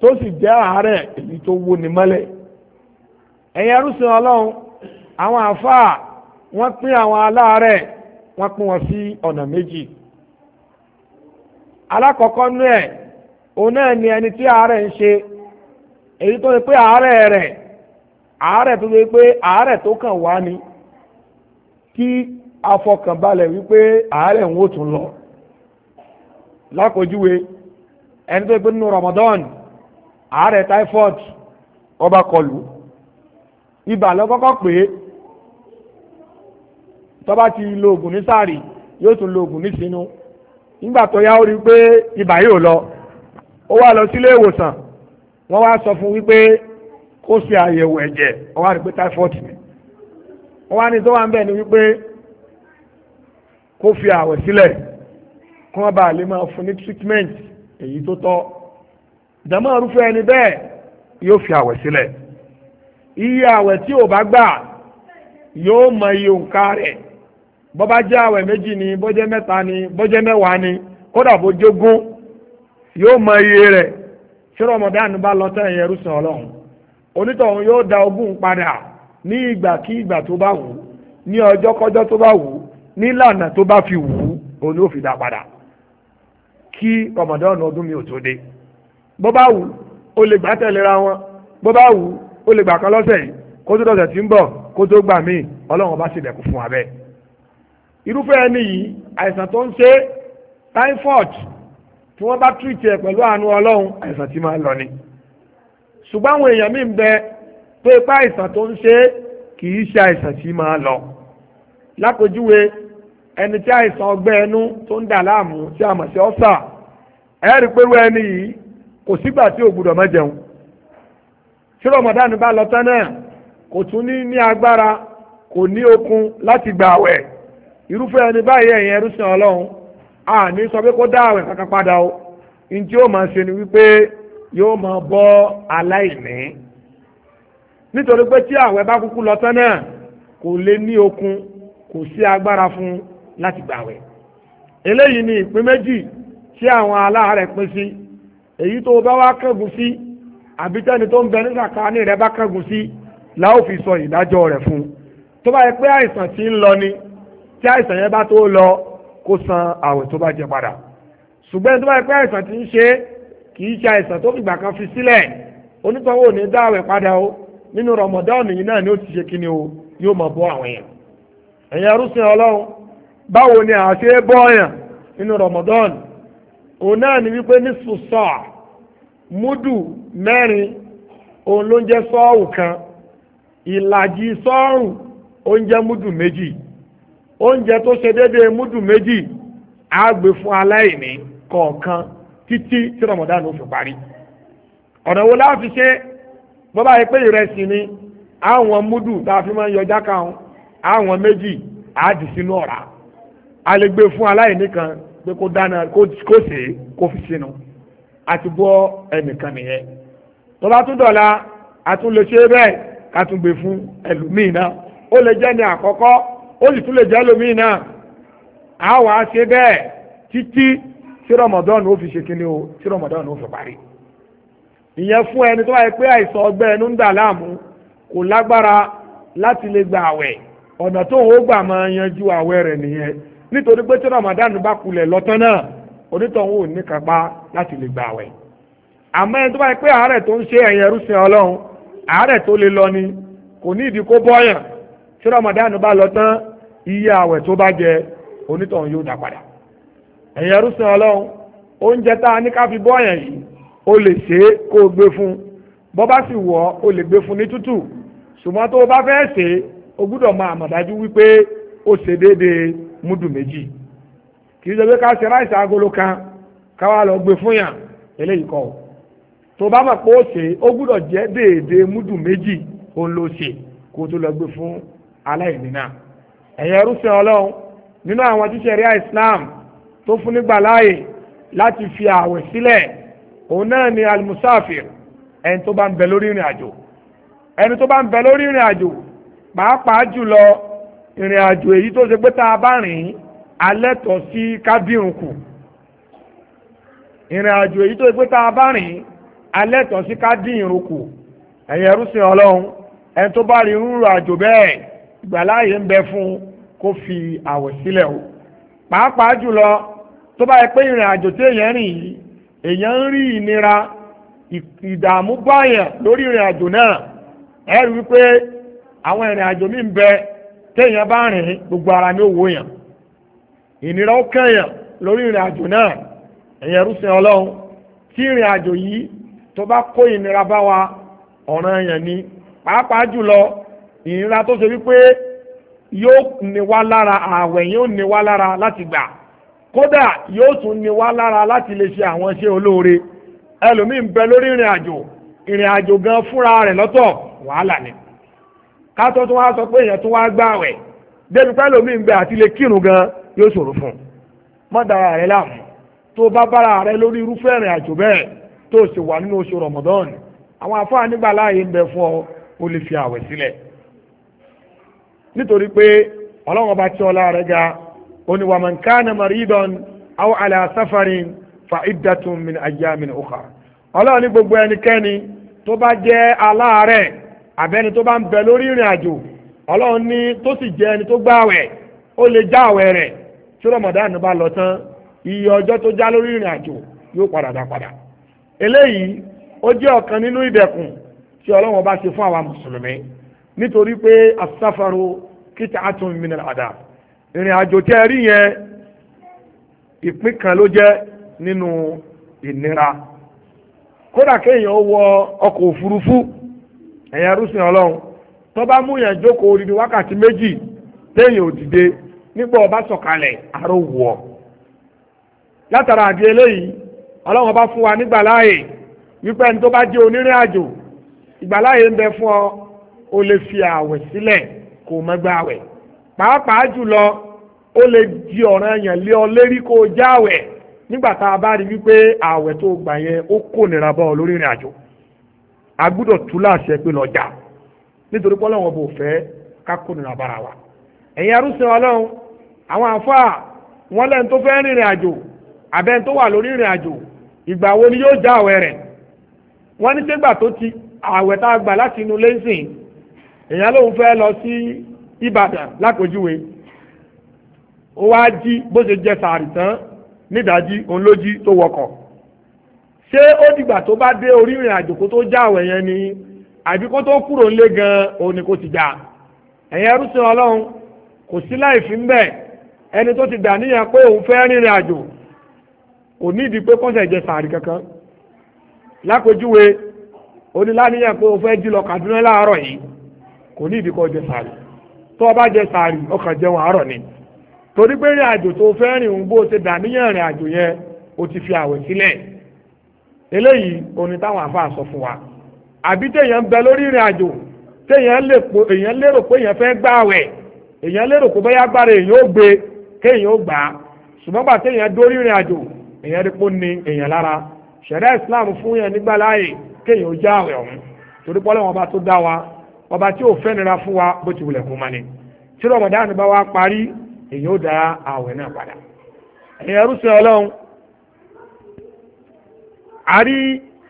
tó sì jẹ́ àárẹ̀ èyí tó wó ni mọ́lẹ̀ ẹ̀yin ẹrúsìn ọlọ́run àwọn àfáà wọ́n pín àwọn aláàárẹ̀ wọ́n pín wọn sí ọ̀nà méjì alákọ̀ọ́kọ́ nú ẹ̀ òun náà ni ẹni tí àárẹ̀ ń ṣe èyí tó ṣe pé àárẹ̀ rẹ̀ àárẹ̀ tó ṣe pé àárẹ̀ tó kàn wá ni kí afọkànbalẹ̀ wípé àárẹ̀ ń wò tún lọ lákòjúwe ẹni tó ṣe pé nínú Ramadan àárẹ̀ typhoid ọba kọlù ibà lọ́kọ́kọ́ pé tó bá ti lo oògùn ní sáàrì yóò tún lo oògùn ní sínú nígbà tó yá ó rí i pé ibà yóò lọ ó wá lọ sílé ìwòsàn wọ́n wá sọ fún wípé kó ṣe àyẹ̀wò ẹ̀jẹ̀ wọ́n wá rí pé typhoid ni wọ́n wá ní tó wà ń bẹ̀ ni wípé kó fi àwẹ̀ sílẹ̀ kí wọ́n bá lè máa fún ní treatment èyí tó tọ́ ìdámọ̀ irúfẹ́ ẹni bẹ́ẹ̀ yóò fi àwẹ̀ sílẹ̀ iye àwẹ̀ tí ò bá gbà yóò mọ iye òǹkà rẹ̀ bó bá jẹ́ àwẹ̀ méjì ni bó jẹ́ mẹ́ta ni bó jẹ́ mẹ́wàá ni kódà bó jogún yóò mọ iye rẹ̀ tí rọmọdánù bá lọ tẹ́ ẹ̀yẹ rúṣin ọlọ́run onítọ̀hún yóò da ogún padà ní ìgbà kí ìgbà tó bá wù ú ní ọjọ́ kọjọ́ tó bá wù ú nílànà tó bá fi wù ú òun yóò fi dá padà kí rọmọdánù ọdún mi ò tó dé bó wù ó lè gbà tẹ̀léra wọn bó wù ó lè gbà kan lọ́sẹ̀ yìí kó tó dọ̀sẹ̀ tí ń bọ̀ kó tó gbà míì ọlọ́run ọba ṣèlẹ̀kùn fún wa bẹ́ẹ̀ irúfẹ́ ẹni yìí àìsàn tó ń ṣe typhoid tí wọ́n bá tírìtì ẹ̀ pẹ̀lú àánú ọlọ́run àìsàn tí máa lọ ni ṣùgbọ́n àwọn èèyàn míì ń bẹ pé ipá àìsàn tó ń ṣe kì í ṣe àìsàn tí máa lọ lákòjúwe ẹni tí àìsàn ọgbẹ́ ẹnu tó ń dà láàmú tí a mọ̀ sí ọ́sà ẹ̀ rí pẹ̀lú ẹni yìí kò sígbà tí ò gbúdọ̀ má jẹun tí rọmọdánù bá lọ tán náà kò tún ní ní agbára kò ní okun láti gbà àwẹ̀ irúfẹ́ ẹni báyìí ẹ̀yìn ẹrú sìn ọlọ́run a ní sọ pé kó dá àwẹ̀ kankan padà o ní tí yóò máa ṣe ni wípé yóò máa bọ́ aláìní nítorí pé tí àwẹ̀ bá kúkú lọ tán náà kò lè ní okun kò sí agbára fún láti gbàwẹ̀ eléyìí ni ìpín méjì tí àwọn aláàárẹ̀ pín sí èyí tó bá wá kángun sí àbí tẹ́ni tó ń bẹ nígbà ní rẹ bá kángun sí la sọ ìdájọ́ rẹ̀ fún tó bá pé àìsàn ti ń lọ ni tí àìsàn yẹn bá tó lọ kó san àwẹ̀ tó bá jẹ padà ṣùgbọ́n tó bá yẹ pé àìsàn ti ń ṣe kì í ṣe àìsàn tó fìgbà kan fi sílẹ̀ onítọ̀wọ́ ní dá àwẹ̀ padà o nínú rọmọdọ́ọ̀nù yìí náà ni ó ti ṣe kíni o yóò máa bọ́ àwọn èèyàn ẹ̀yin arúsìn ọlọ́run báwo ni a ṣe bọ́ ọ̀yàn nínú rọmọdọ́ọ̀nù òun náà ni wípé ní sùsọ́ múdù mẹ́rin òun ló ń jẹ́ sọ́ọ̀rù kan ìlàjì sọ́ọ̀rù ó ń jẹ́ múdù méjì oúnjẹ tó ṣe déédéé múdù méjì á gbé fún aláìní kọ̀ọ̀kan títí tí ramadan ó fi parí ọ̀nà wo láti ṣe bọ́ báyìí pé ìrẹsì ni àwọn múdù tá a fi máa ń yọjá káwọn àwọn méjì á dì sínú ọ̀rá a lè gbé fún aláìní kan pé kó dáná kó sè é kó fi sínú àti bọ́ ẹnìkan nìyẹn tó bá tún dọ̀la àtúnlẹ̀ ṣe bẹ́ẹ̀ ká tún gbé fún ẹlòmíì náà ó lè jẹ́ ní àkọ́kọ́ ó sì tún lè jẹ́ lómìn náà a wàá ṣe bẹ́ẹ̀ títí tí Ramadan ó fi ṣe kíni o tí Ramadan ó fi parí ìyẹn fún ẹni tó wáyé pé àìsàn ọgbẹ́ ẹnu ń dà láàmú kò lágbára láti lè gba àwẹ̀ ọ̀nà tó ń gbà máa yanjú àwẹ̀ rẹ̀ nìyẹn nítorí pé tí Ramadan bá kulẹ̀ lọ́tán náà onítọ̀hún ò ní kápá láti lè gba àwẹ̀ àmọ́ ẹni tó bá pé àárẹ̀ tó ń ṣe ẹ̀yìn ẹrúsìn ọlọ́run àárẹ̀ tó lè lọ ni kò ní ìdí kó bọ́yàn tí Ramadan bá lọ tán iye àwẹ̀ tó bá jẹ onítọ̀hún yóò dá padà ẹ̀yin ẹrúsìn ọlọ́run oúnjẹ tá a ní ká fi bọ́ ẹ̀yàn yìí o lè ṣe é kó o gbé fún bọ́ bá sì wọ̀ ọ́ o lè gbé fún ní tútù ṣùgbọ́n tó o bá fẹ́ ṣe é o gbúdọ̀ máa mọ̀ dájú wípé ó ṣe déédéé múdù méjì kì í ṣe pé ká ṣe ráìsì agolo kan ká wá lọ gbé fún yàn eléyìí kọ́ o tó bá mọ̀ pé ó ṣe ó gbúdọ̀ jẹ́ déédéé múdù méjì òun ló ṣe kó o tó lọ gbé fún aláìní náà ẹ̀yẹ rúfin ọlọ́run nínú àwọn tí Islam tó fún nígbà láàyè láti fi ààwẹ̀ sílẹ̀ òun náà ni almusafir ẹni tó bá ń bẹ lórí ìrìn àjò ẹni tó bá ń bẹ lórí ìrìn àjò pàápàá jùlọ ìrìn àjò èyí tó ṣe pé tá a bá rìn alẹ́ tọ̀ sí kábírùn kù ìrìn àjò èyí tó ṣe pé tá a bá rìn alẹ́ tọ̀ sí kábírùn kù ẹ̀yẹ rúfin ọlọ́run ẹni tó bá rí irú àjò bẹ́ẹ̀ ìgbàláyè ń bẹ fún un kó fi àwẹ̀ sílẹ̀ o pàápàá jùlọ tó bá yẹ pé ìrìn àjò tí èèyàn rìn yìí èèyàn ń rí ìnira ìdààmú báyàn lórí ìrìn àjò náà ẹ rí wípé àwọn ìrìn àjò míì ń bẹ téèyàn bá rìn gbogbo ara ní òwò yàn ìnira ó kẹyàn lórí ìrìn àjò náà ẹ̀yẹn rúṣin ọlọ́run tí ìrìn àjò yìí tó bá kó ìnira bá wa ọ̀ràn yẹn ni pàápàá jùlọ ìnira tó ṣe wípé yóò ní wá lára ààwẹ̀ yóò ní wá lára láti gbà kódà yóò tún ní wá lára láti lè ṣe àwọn iṣẹ́ olóore ẹlòmíì ń bẹ lórí ìrìn àjò ìrìn àjò gan fúnra rẹ̀ lọ́tọ̀ wàhálà ni kátó tó wá sọ pé èèyàn tó wá gbààwẹ̀ débi pẹ́ lómi ń bẹ àti lè kírun gan yóò ṣòro fún un má dara rẹ láàmú tó bá bára rẹ lórí irúfẹ́ ìrìn àjò bẹ́ẹ̀ tó sì wà nínú oṣù Ramadan àwọn afáà nígbà láàyè ń bẹ fún ọ o lè fi àwẹ̀ sílẹ̀ nítorí pé ọlọ́wọ́n bá tí ọlá rẹ̀ ga oníwàmọ̀nkánà maridon aw ala safarin fa iddatun min ayyamin ukhra ọlọ́wọ́n ní gbogbo ẹnikẹ́ni tó bá jẹ́ aláàárẹ̀ àbẹ́ni tó bá ń bẹ lórí ìrìn àjò ọlọ́run ní tó sì jẹ́ ẹni tó gbààwẹ̀ ó lè já àwẹ̀ rẹ̀ tí rọmọdánù bá lọ tán iye ọjọ́ tó já lórí ìrìn àjò yóò padà dá padà eléyìí ó jẹ́ ọ̀kan nínú ìdẹ̀kùn tí ọlọ́run bá ṣe fún àwa mùsùlùmí nítorí pé asáfàrò kíta àtún mìíràn àdá ìrìn àjò tẹ́ ẹ rí yẹn ìpín kan ló jẹ́ nínú ìnira kódà kéèyàn wọ ọkọ̀ òfurufú ẹ̀yàn rúṣin ọlọ́run tó bá mú yẹn jókòó odidi wákàtí méjì téèyàn ò nígbà ọba sọkalẹ àrò wọ̀ látara àdí eléyìí ọlọ́run ọba fún wa nígbà láàyè wípé ẹni tó bá jẹ́ onírìn àjò ìgbà láàyè ń bẹ fún ọ o lè fi àwẹ̀ sílẹ̀ kó má gba àwẹ̀ pàápàá jùlọ ó lè di ọ̀ranyàn lé ọ lérí kó o já àwẹ̀ nígbà tá a bá rí wípé àwẹ̀ tó gbà yẹn ó kò nira bọ́ ọ lórí ìrìn àjò a gbúdọ̀ tú láṣẹ pé lọ jà nítorí pé ọlọ́run ọba ò ká kò nira bára wa ẹ̀yin arúsìn ọlọ́run àwọn àfáà wọn lẹ́nu tó fẹ́ rìnrìn àjò àbẹ́ni tó wà lórí ìrìn àjò ìgbà wo ni yóò já àwẹ̀ rẹ̀ wọ́n ní sẹ́gbà tó ti àwẹ̀ tá a gbà láti inú lẹ́sìn èèyàn lòun fẹ́ lọ sí ìbàdàn lákòjúwe ó wá jí bó ṣe jẹ sàárì tán nídàájí òun ló jí tó wọkọ̀ ṣé ó dìgbà tó bá dé orí ìrìn àjò kó tó já àwẹ̀ yẹn ni àbí kó tó kúrò ńlé gan òun ni kó ti já ẹ̀yin ẹrú sí ọlọ́run kò sí láì fi ń bẹ̀ ẹni tó ti dà níyàn pé òun fẹ́ rìnrìn àjò kò ní ìdí pé kọ́sẹ̀ jẹ sàárì kankan lákòjúwe oníláníyàn pé òun fẹ́ jí lọ Kàdúná láàárọ̀ yìí kò ní ìdíkọ́ jẹ sàárì tó o bá jẹ sàárì ọkàn jẹun àárọ̀ ni torí pé rìn àjò tó fẹ́ rìn ń bó ṣe dàníyàn rìn àjò yẹn o ti fi àwẹ̀ sílẹ̀ eléyìí oní táwọn àfáà sọ fún wa àbí téèyàn ń bẹ lórí ìrìn àjò téèyàn lérò pé èèyàn fẹ́ gbà àwẹ̀ èèyàn lérò pé bóyá gbára èèyàn ó gbé kéèyàn ó gbà á ṣùgbọ́n gbà téèyàn dórí ìrìn àjò èèyàn rí pé ó ní èèyàn lára ṣẹ̀rẹ́ Islam fún yẹn nígbà láàyè kéèyàn ó já àwẹ̀ ọ̀hún torí pé bá tó dá wa ọba tí ò fẹ́nira fún wa bó ti wulẹ̀ kó ma ni tí rọmọdán bá wa parí èyí ó da àwẹ̀ náà padà ẹ̀yin ẹrú ọlọ́run a rí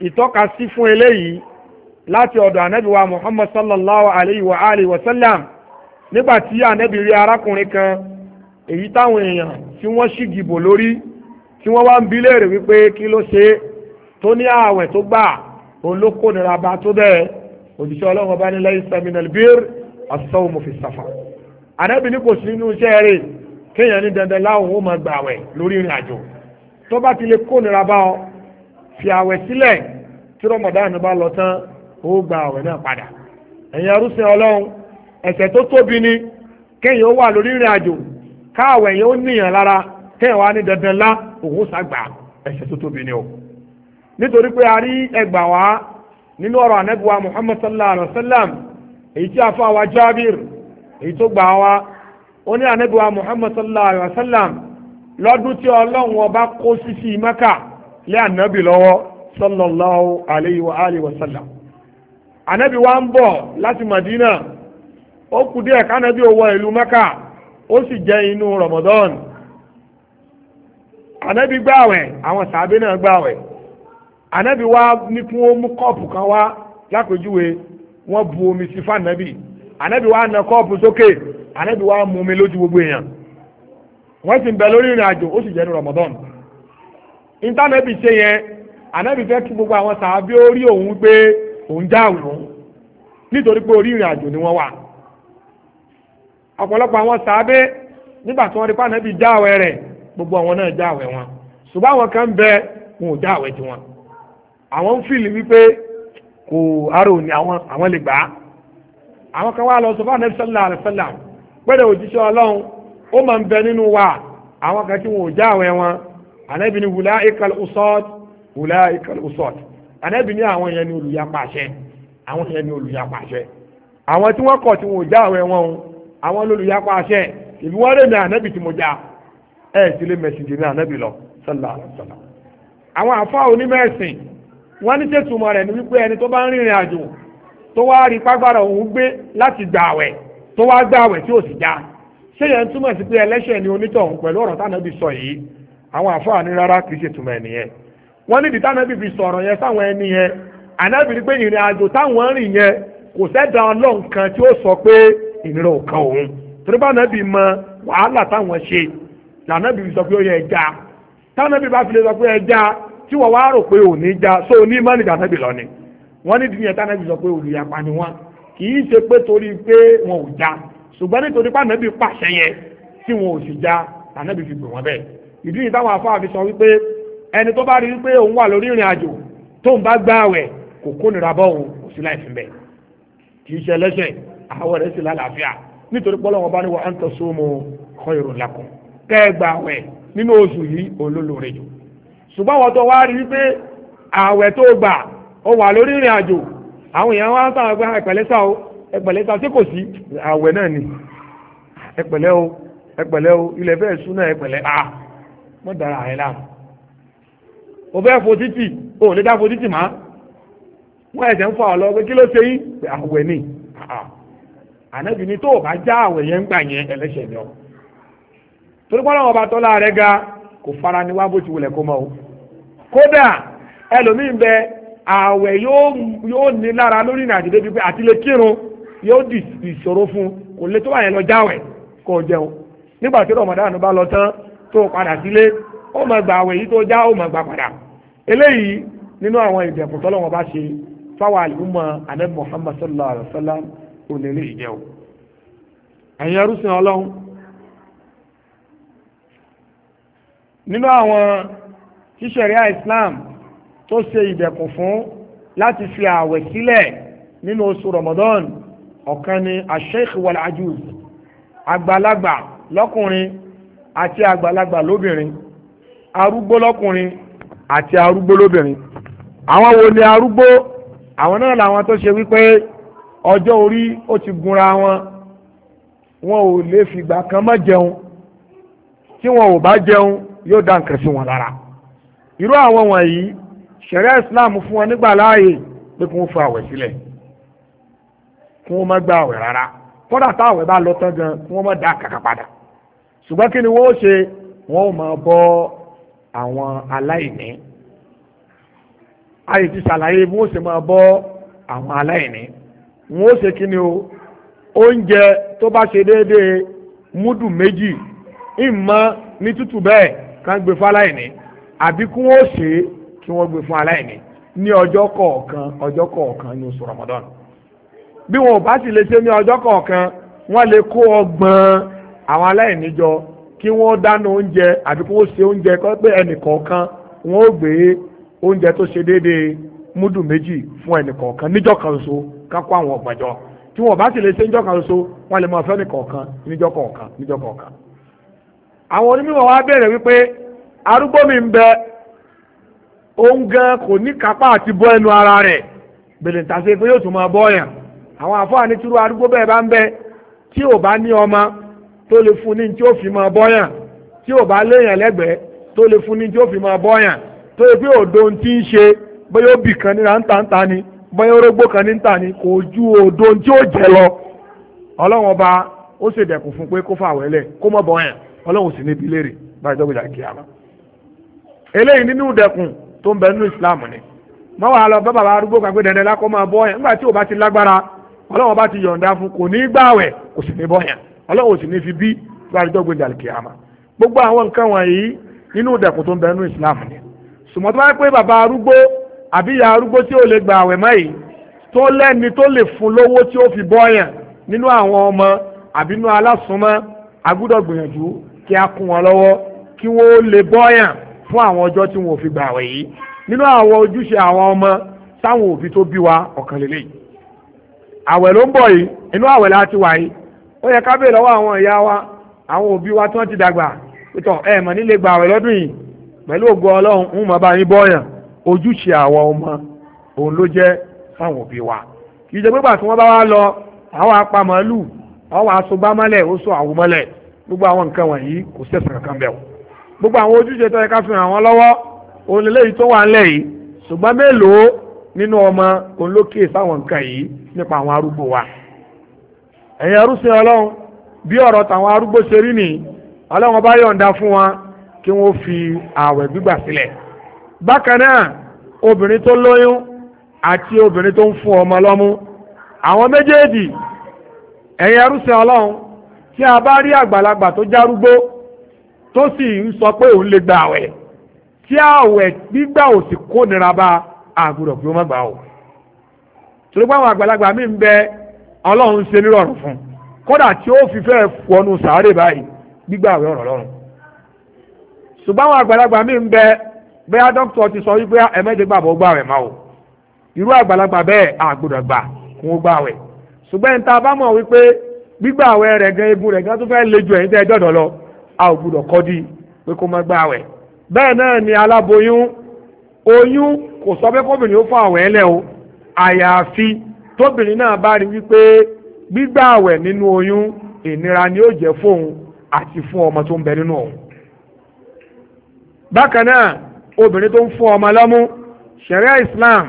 ìtọ́ka fún eléyìí láti ọ̀dọ̀ ànábì wa muhammad sallallahu alayhi wa alayhi wa sallam nígbà tí ànábì rí arákùnrin kan èyí táwọn èèyàn tí wọ́n ṣì gìbò lórí tí wọ́n wá ń bi léèrè wípé kí ló ṣe tó ní ààwẹ̀ tó gbà òun ló kó nira bá tó bẹ́ẹ̀ òjíṣẹ́ ọlọ́run ọba ní laisa minal bir as-sawmu fi safar ànábìíní kò sí inú iṣẹ́ rẹ̀ kéèyàn ní dandan láwọn ó máa gbààwẹ̀ lórí ìrìn àjò tó bá ti lè kó nira bá ọ fi àwẹ̀ sílẹ̀ tí rọmọdánù bá lọ tán ó gba àwẹ̀ náà padà ẹ̀yin arúsìn ọlọ́run ẹ̀ṣẹ̀ tó tóbi ni kéèyàn wà lórí ìrìn àjò káàwẹ̀ yẹn ó níyàn lára kéèyàn wá ní dandan lá nínú ọ̀rọ̀ anẹ́gbẹ̀wá muhammad sallallahu alayhi wa sallam èyí tí a fọ àwa jábìr èyí tó gbà wá ó ní anẹ́gbẹ̀wá muhammad sallallahu alayhi wa sallam lọ́dún tí ọlọ́run ọba kó sísí mẹ́kà lé ànábì lọ́wọ́ sallallahu alayhi wa alihi wa sallam ànábì wa ń bọ̀ láti madina ó kù díẹ̀ kánábì ó ìlú mẹ́kà ó sì jẹ́ inú ramadan ànábì gbààwẹ̀ àwọn sàbẹ̀ náà gbààwẹ̀ ànábì wa ní kí wọ́n mú kọ́ọ̀pù kan bu omi sí fànàbì ànábì wa na kọ́ọ̀pù sókè wa mú omi lójú gbogbo èèyàn wọ́n sì ń bẹ lórí ìrìn àjò ó sì jẹ́ ní Ramadan ṣe yẹn ànábì fẹ́ kí gbogbo àwọn sàábí ó òun pé òun já òun nítorí pé orí ìrìn àjò ni wọ́n wà ọ̀pọ̀lọpọ̀ àwọn nígbà tí gbogbo àwọn náà já wọn ṣùgbọ́n àwọn wọn ò já àwẹ̀ àwọn ń fìlì wípé kò arò ní àwọn àwọn lè gbà á àwọn kan wá lọ sọ fún anabi sallallahu alayhi wa sallam pẹ́ẹ́dẹ̀ òjíṣẹ́ ọlọ́run ó máa ń bẹ nínú wa àwọn kan tí wọn ò já àwẹ̀ wọn anabi ni wùlá ikal usọ́t wùlá ikal usọ́t anabi ni àwọn yẹn ni olùyapàṣẹ àwọn yẹn ni olùyapàṣẹ àwọn tí wọ́n kọ̀ tí wọn ò já àwẹ̀ wọn o àwọn olùyapàṣẹ ìbí wọ́n rẹ̀ mi anabi tí mo já ẹ̀ sílé mẹ́sìndínlẹ́ anabi lọ sallallahu alayhi wa sallam àwọn àfa onímọ̀ ẹ̀sìn wọ́n ní sètùmọ̀ rẹ̀ ní wípé ẹni tó bá ń rìnrìn àjò tó wá rí pàgbára òun gbé láti gbà àwẹ̀ tó wá gbà àwẹ̀ tí ò sì já ṣéyẹ ń túmọ̀ sí pé ẹlẹ́ṣẹ̀ ni onítọ̀hún pẹ̀lú ọ̀rọ̀ tánàbí sọ yìí àwọn àfáàní rárá kì í ṣètùmọ̀ ẹnìyẹn wọ́n níbi tánàbí fi sọ̀rọ̀ yẹn sáwọn ẹni yẹn ànábì ní pé ìrìn àjò táwọn rìn yẹn kò sẹ́dá ọlọ́run kan tí ó sọ pé ìnira ò kan òun torí tí wọ́n wá rò pé ò ní já so ní mọ́nì jàǹdàbí lọ ni wọ́n ní ìdíyẹn tánàbí sọ pé olùyapa ni wọ́n kì í ṣe pé torí pé wọn ò já ṣùgbọ́n nítorí pàǹdàbí pàṣẹ yẹn tí wọn ò sì já tánàbí fi gbè wọ́n bẹ́ẹ̀ ìdí yìí táwọn afáà fi sọ wípé ẹni tó bá rí wípé òun wà lórí ìrìn àjò tóun bá gbààwẹ̀ kò kónira bọ́ òun kò sí láì fi bẹ́ẹ̀ kì í ṣe ẹlẹ́ṣẹ̀ àwọ̀ rẹ̀ sì lálàáfíà nítorí pé Ọlọ́hun bá ní wa an tasumu khairun lakum kẹ́ gbààwẹ̀ nínú oṣù yìí olólùrẹ́jù ṣùgbọ́n wọ́n tó wá rí wípé ààwẹ̀ tó gbà ó wà lórí ìrìn àjò àwọn èèyàn wá ń sàwọn pé ah, ẹ̀pẹ̀lẹ́sà o ẹ̀pẹ̀lẹ́sà tí kò sí ààwẹ̀ náà ni ẹ̀pẹ̀lẹ́ o ẹ̀pẹ̀lẹ́ o ilẹ̀ fẹ́ sún náà ẹ̀pẹ̀lẹ́ a ah, mọ̀ dára ẹ̀ la o fẹ́ fo títì o ò lè dá fo títì má wọ́n ẹ̀sẹ̀ ń fa ọ̀ lọ pé kí ló ṣe yín ààwẹ̀ ni ah, ànábì ni tó o bá já ààwẹ̀ yẹn ń gbà yẹn ẹlẹ́ṣẹ̀ ni ọ torí pọ́nlọ́wọ́n bá tọ́lá rẹ̀ ga kò fara ni wá bó ti wulẹ̀ kó mọ́ o. kódà ẹlòmíín bẹ ààwẹ̀ yóò ní lára lórí ìrìn àjò débi pé àti lè kírun yóò di ìṣòro fún kò lè tó wà yẹn lọ jáwẹ̀ kò jẹun nígbà tí rọmọdánù bá lọ tán tó padà sílé ó gba àwẹ̀ yìí tó já ó gba padà eléyìí nínú àwọn ìdẹ̀kùn tọ́lọ́wọ́n bá ṣe fáwọn àlùmọ́ ànábì Muhammad sallallahu alaihi wa sallam kò lè tí ṣẹ̀ríà Islam tó ṣe ìdẹ̀kùn fún láti fi ààwẹ̀ sílẹ̀ nínú oṣù Ramadan ọ̀kan ni asheikh wal ajuz àgbàlagbà lọ́kùnrin àti àgbàlagbà lóbìnrin arúgbó lọ́kùnrin àti arúgbó lóbìnrin àwọn wo ni arúgbó àwọn náà làwọn tó ṣe wípé ọjọ́ orí ó ti gunra wọn wọn ò lè fìgbà kan má jẹun tí wọn ò bá jẹun yóò dá nǹkan sí wọn lára irú àwọn wọ̀nyí ṣẹ̀rẹ́ islam fún wọn nígbà láàyè pé kí wọ́n fa àwẹ̀ sílẹ̀ kí wọ́n má gba àwẹ̀ rárá kódà táwẹ̀ bá lọ tán gan kí wọ́n má dá kàkà padà ṣùgbọ́n kí ni wọ́n ó ṣe wọ́n ó máa bọ́ àwọn aláìní ayé ti ṣàlàyé wọ́n ṣe máa bọ́ àwọn aláìní wọ́n ṣe kí ni o oúnjẹ tó bá ṣe déédéé múdù méjì ìmọ̀ ní tútù bẹ́ẹ̀ kan gbé fáláìní àbí kí wọ́n ṣe é kí wọ́n gbé fún aláìní ní ọjọ́ kọ̀ọ̀kan ọjọ́ kọ̀ọ̀kan ní oṣù Ramadan bí wọn ò bá sì lè ṣe ní ọjọ́ kọ̀ọ̀kan wọ́n lè kó ọgbọ̀n àwọn aláìní jọ kí wọ́n dáná oúnjẹ àbí kí wọ́n ṣe oúnjẹ kọ́ pé ẹnì kọ̀ọ̀kan wọn ó gbé oúnjẹ tó ṣe déédéé múdù méjì fún ẹnì kọ̀ọ̀kan níjọ́ kan ṣoṣo ká kó àwọn ọgbọ̀n jọ tí wọn ò bá sì lè ṣe níjọ́ kan ṣoṣo wọ́n lè máa fẹ́ ẹnì níjọ́ kọ̀ọ̀kan níjọ́ kọ̀ọ̀kan. àwọn onímọ̀ wa bẹ̀rẹ̀ wípé arúgbó mi ń bẹ òun gan kò ní kápá àti bọ ẹnu ara rẹ̀ bèlèntàṣe pé yóò tún máa bọ́ yàn àwọn àfọwà ní tìrú arúgbó bẹ́ẹ̀ bá ń bẹ tí ò bá ní ọmọ tó lè fún ní tí ó fi máa bọ́ tí ò bá léèyàn lẹ́gbẹ̀ẹ́ tó lè fún ní tí ó fi máa ni bóyá orógbó kan ní ni kò ju òdo tí ó jẹ lọ ó fún pé kó kó mọ̀ eléyìí nínú dẹkùn tó ń bẹ nínú islam ni mọ wàá lọ bá bàbá arúgbó kan pé dandan lakọ máa bọ yẹn nígbà tí o bá ti lágbára ọlọ́wọ́ bá ti yọ̀ǹda fún kò ní gbààwẹ̀ kò sì ní bọ yẹn ọlọ́wọ́ sì ní fi bí gbàdúgbò gbèdé àlùkìyàmà gbogbo àwọn nǹkan wọ̀nyí nínú dẹkùn tó ń bẹ nínú islam ni sùmọ́ tó bá pé bàbá arúgbó àbí ìyá arúgbó tí ò lè gbààwẹ̀ mọ́ yìí tó lẹ́ni tó lè fún lówó tí ó fi bọ́ yẹn fún àwọn ọjọ́ tí wọn ò fi gbà wẹ̀ yìí nínú àwọn ojúṣe àwọn ọmọ táwọn òbí tó bí wa ọ̀kan lélẹ̀ yìí àwẹ̀ ló ń bọ̀ yìí inú àwẹ̀ la ti wà yìí ó yẹ ká bèèrè lọ́wọ́ àwọn ìyá wa àwọn òbí wa tí wọ́n ti dàgbà pẹ̀tọ̀ ẹ mọ̀ nílé gbà àwẹ̀ lọ́dún yìí pẹ̀lú ògo ọlọ́run ń mọ̀ bá yín bọ́yàn ojúṣe àwọn ọmọ òun ló jẹ́ fáwọn òbí wa kì í ṣe pípa tí wọ́n bá wá lọ àwọn apamọ́lù àwọn asogbámọ́lẹ̀ ó sọ àwòmọ́lẹ̀ gbogbo àwọn nǹkan wọ̀nyí kò sẹ̀sẹ̀ kankan bẹ́ẹ̀ gbogbo àwọn ojúṣe tó yẹ ká fi ràn wọ́n lọ́wọ́ òun lélẹ́yìí tó wà ńlẹ̀ yìí ṣùgbọ́n mélòó nínú ọmọ òun ló kíyè sáwọn nǹkan yìí nípa àwọn arúgbó wa ẹ̀yin arúsìn ọlọ́run bí ọ̀rọ̀ tàwọn arúgbó ṣe rí nìyí ọlọ́run bá yọ̀ǹda fún wọn kí wọ́n fi ààwẹ̀ gbígbà sílẹ̀ bákan náà obìnrin tó lóyún àti obìnrin tó ń fún ọmọ lọ́mú àwọn méjèèjì ẹ̀yin arúsìn ọlọ́run tí a bá rí àgbàlagbà tó járúgbó tó sì ń sọ pé òun lè gba àwẹ̀ tí àwẹ̀ gbígbà ò sì kó nira bá àgùdọ̀ kí ó má gbà ó torí àwọn àgbàlagbà mi ń bẹ ọlọ́run ṣe nírọ̀rùn fún kódà tí ó fi fẹ́ fọnù sàárè báyìí gbígbà àwẹ̀ ọ̀rọ̀ lọ́rùn ṣùgbọ́n àwọn àgbàlagbà ń bẹ dókítà ti sọ wípé ẹ̀mẹ́jẹ̀ gbàgbọ́ gbà àwẹ̀ máa o irú àgbàlagbà bẹ́ẹ̀ àgbọ̀dọ̀ gbà kún ó gbà àwẹ̀ lọ a ò gbúdọ̀ kọ́dí pé kó má gbààwẹ̀ bẹ́ẹ̀ náà ni aláboyún oyún kò sọ pé kóbìnrin ó fún àwẹ̀ ẹlẹ́ o àyàfi tóbìnrin náà bá rí wípé gbígbààwẹ̀ nínú oyún ìnira ni ó jẹ́ fóun àti fún ọmọ tó ń bẹ nínú òun bákan náà obìnrin tó ń fún ọmọ lọ́mú ṣẹ̀ríà Islam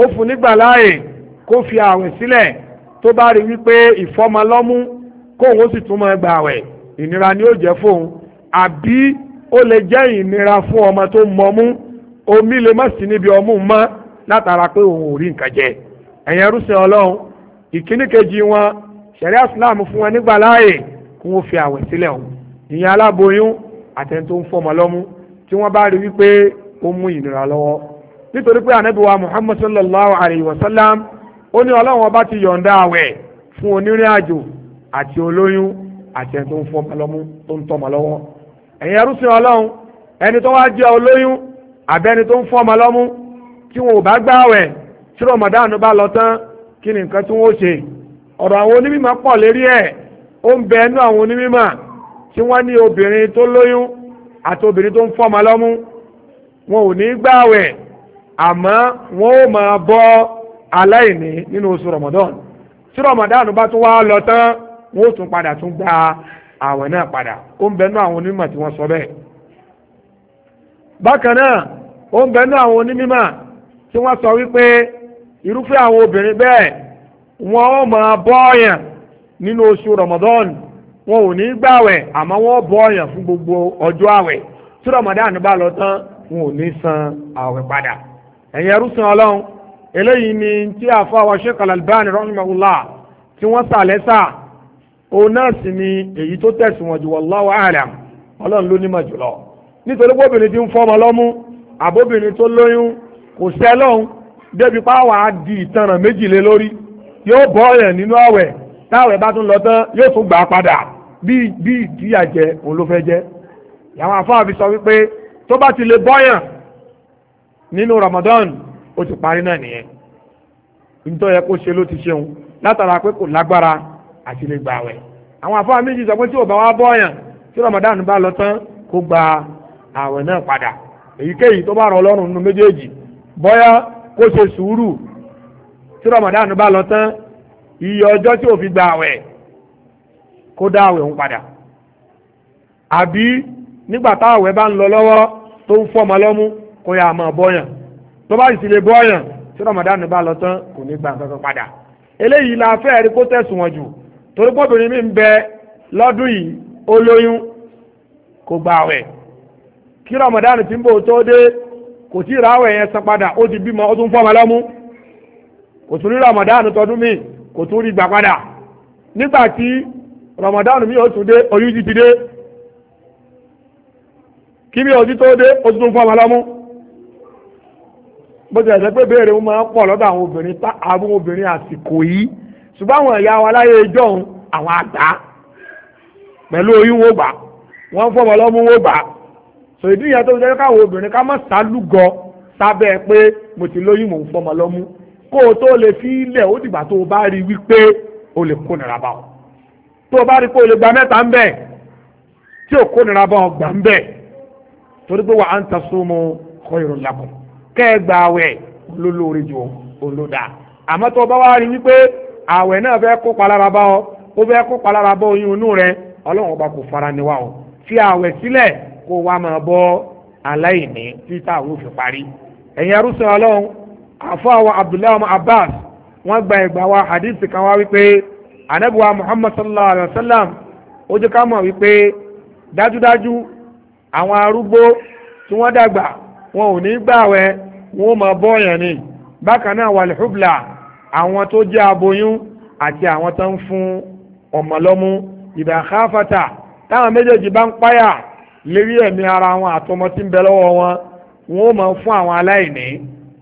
ó fún nígbà láàyè kó fi àwẹ̀ sílẹ̀ tó bá rí wípé ìfọ́mọlọ́mú kóun ó sì tún máa gbààwẹ̀ ìnira ni ó jẹ́ fóun àbí ó lè jẹ́ ìnira fún ọmọ tó mọmú omi lè má sí níbi ọmú mọ́ látara pé òun ò rí nǹkan jẹ ẹ̀yẹn rúṣin ọlọ́run ìkíní kejì wọn ṣẹ̀rí àsìláàmù fún wọn nígbà láàyè kí wọ́n fi àwẹ̀ sílẹ̀ ọ̀hún ìyẹn aláboyún àtẹni tó ń fọmọ lọ́mú tí wọ́n bá rí wípé ó mú ìnira lọ́wọ́ nítorí pé ànábìwá muhammad sallallahu alayhi wa sallam ó ní ọlọ́run ọba ti yọ̀ǹda àwẹ̀ fún onírìn àjò àti olóyún àti ẹni tó ń fọ́mọ lọ́mú tó ń tọ́mọ lọ́wọ́ ẹ̀yin ẹrúsìn ọlọ́run ẹni tó wá jẹ́ olóyún àbẹ́ni tó ń fọ́mọ lọ́mú tí wọn ò bá gbààwẹ̀ tí Ramadan bá lọ tán kí ni nǹkan tí wọ́n ṣe ọ̀rọ̀ àwọn onímọ̀ pọ̀ lérí ẹ̀ ó ń bẹ ẹnu àwọn onímọ̀ tí wọ́n ní obìnrin tó lóyún àti obìnrin tó ń fọ́mọ lọ́mú wọn ò ní gbààwẹ̀ àmọ́ wọn ò máa bọ́ aláìní nínú oṣù Ramadan tí Ramadan bá tún wá lọ tán wọ́n ó tún padà tún gba àwẹ̀ náà padà ó ń bẹnú àwọn onímọ̀ tí wọ́n sọ bẹ́ẹ̀ bákan náà ó ń bẹnú àwọn onímọ̀ tí wọ́n sọ wípé irúfẹ́ àwọn obìnrin bẹ́ẹ̀ wọ́n ó máa bọ́ọ̀yàn nínú oṣù Ramadan wọn ò ní gbàwẹ̀ àmọ́ wọ́n bọ́ọ̀yàn fún gbogbo ọjọ́ àwẹ̀ tí Ramadan bá lọ tán wọn ò ní san àwẹ̀ padà ẹ̀yin ẹrúsìn ọlọ́run eléyìí ni tí àfa wa Sheikh tí wọ́n sà lẹ́sà òun náà sì ni èyí tó tẹ̀sùn jù wallahu a'lam ọlọ́run ló nímọ̀ jùlọ nítorí bóbìnrin ti ń fọmọ lọ́mú àbóbìnrin tó lóyún kò sẹ́lọ́hún débi páwà á di ìtanràn méjìlé lórí yóò bọ́ ọ̀yàn nínú àwẹ̀ táwẹ̀ bá tún lọ tán yóò tún gbà á padà bí bí ìdíyà jẹ òun ló fẹ́ jẹ́ àwọn afáàfi sọ wípé tó bá ti lè bọ́yàn nínú Ramadan ó ti parí náà nìyẹn nítorí ẹ kó ṣe ló ti ṣeun látara pé kò lágbára àti lè gbà wẹ̀ àwọn àfáà méjì sọ pé tí ò bá wá bọ́ yàn tí Ramadan bá lọ tán kó gba àwẹ̀ náà padà èyíkéyìí tó bá rọ ọlọ́run nínú méjèèjì bọ́yá kó ṣe sùúrù tí Ramadan bá lọ tán iye ọjọ́ tí ò fi gba àwẹ̀ kó dá àwẹ̀ òun padà àbí nígbà táwẹ̀ bá ń lọ lọ́wọ́ tó ń fọ́mọ lọ́mú kó yá máa bọ́yàn tó bá sì lè bọ́yàn tí Ramadan bá lọ tán kò ní gba nǹkan kan padà eléyìí la fẹ́ẹ̀ rí kó tẹ̀sùn wọn jù torí pọ́bìnrin mi ń bẹ lọ́dún yìí olóyún kò gbà àwẹ̀ kí ramadan ti ń bò tó dé kò tí ì ráwẹ̀ yẹn san padà ó ti bímọ ó tún fọ́mọ lọ́mú kò tún rí ramadan tọdún mi kò tún rí gbà padà nígbà tí ramadan mi ò tún dé oyún ti ti dé kí mi ò ti tó dé ó tún fọ́mọ lọ́mú bó ti ẹ̀ sẹ́ pé béèrè mo máa ń pọ̀ lọ́dọ̀ àwọn obìnrin tá àwọn obìnrin àsìkò yìí ṣùgbọ́n àwọn ẹ̀yà wa láyé ẹjọ́ òun àwọn àgbà pẹ̀lú oyún wò gbà wọ́n fọmọ lọ́mú wò gbà sọ ìdí yẹn tó fi jẹ́ káwọn obìnrin ká mọ̀ sálúgọ sábẹ́ pé mo ti lóyún mò ń fọmọ lọ́mú kó o tó lè fi ilẹ̀ ó dìgbà tó o bá rí wípé o lè kó nira bá ọ tó o bá rí pé o lè gba mẹ́ta ń bẹ̀ tí o kó nira bá ọ gbà ń bẹ̀ torí pé wà ń ta súnmọ́ khairul lakum kẹ́ ẹ wẹ̀ olólórí ju olódà àmọ́ tó o bá wá rí wípé àwẹ̀ náà fẹ́ kó palára bá ọ ó fẹ́ kó palára bá oyún inú rẹ ọlọ́run ọba kò fara ni wa o fi àwẹ̀ sílẹ̀ kó wa máa bọ́ aláìní títà òfin parí ẹ̀yin arúsàn ọlọ́run àfọ àwọn abdullahi abbas wọ́n gba ìgbà wa hadith kan wá wípé anabiwa muhammad sallallahu alayhi wa sallam ó jẹ́ ká mọ̀ wípé dájúdájú àwọn arúgbó tí wọ́n dàgbà wọn ò ní gbààwẹ̀ wọn ò máa bọ́ yẹn ni bákan náà wal hubla àwọn tó jẹ́ aboyún àti àwọn tó ń fún ọmọ lọ́mú ìdá káfàtà táwọn méjèèjì bá ń páyà lérí ẹ̀mí ara wọn àtọmọ tí ń bẹ lọ́wọ́ wọn wọn ó máa fún àwọn aláìní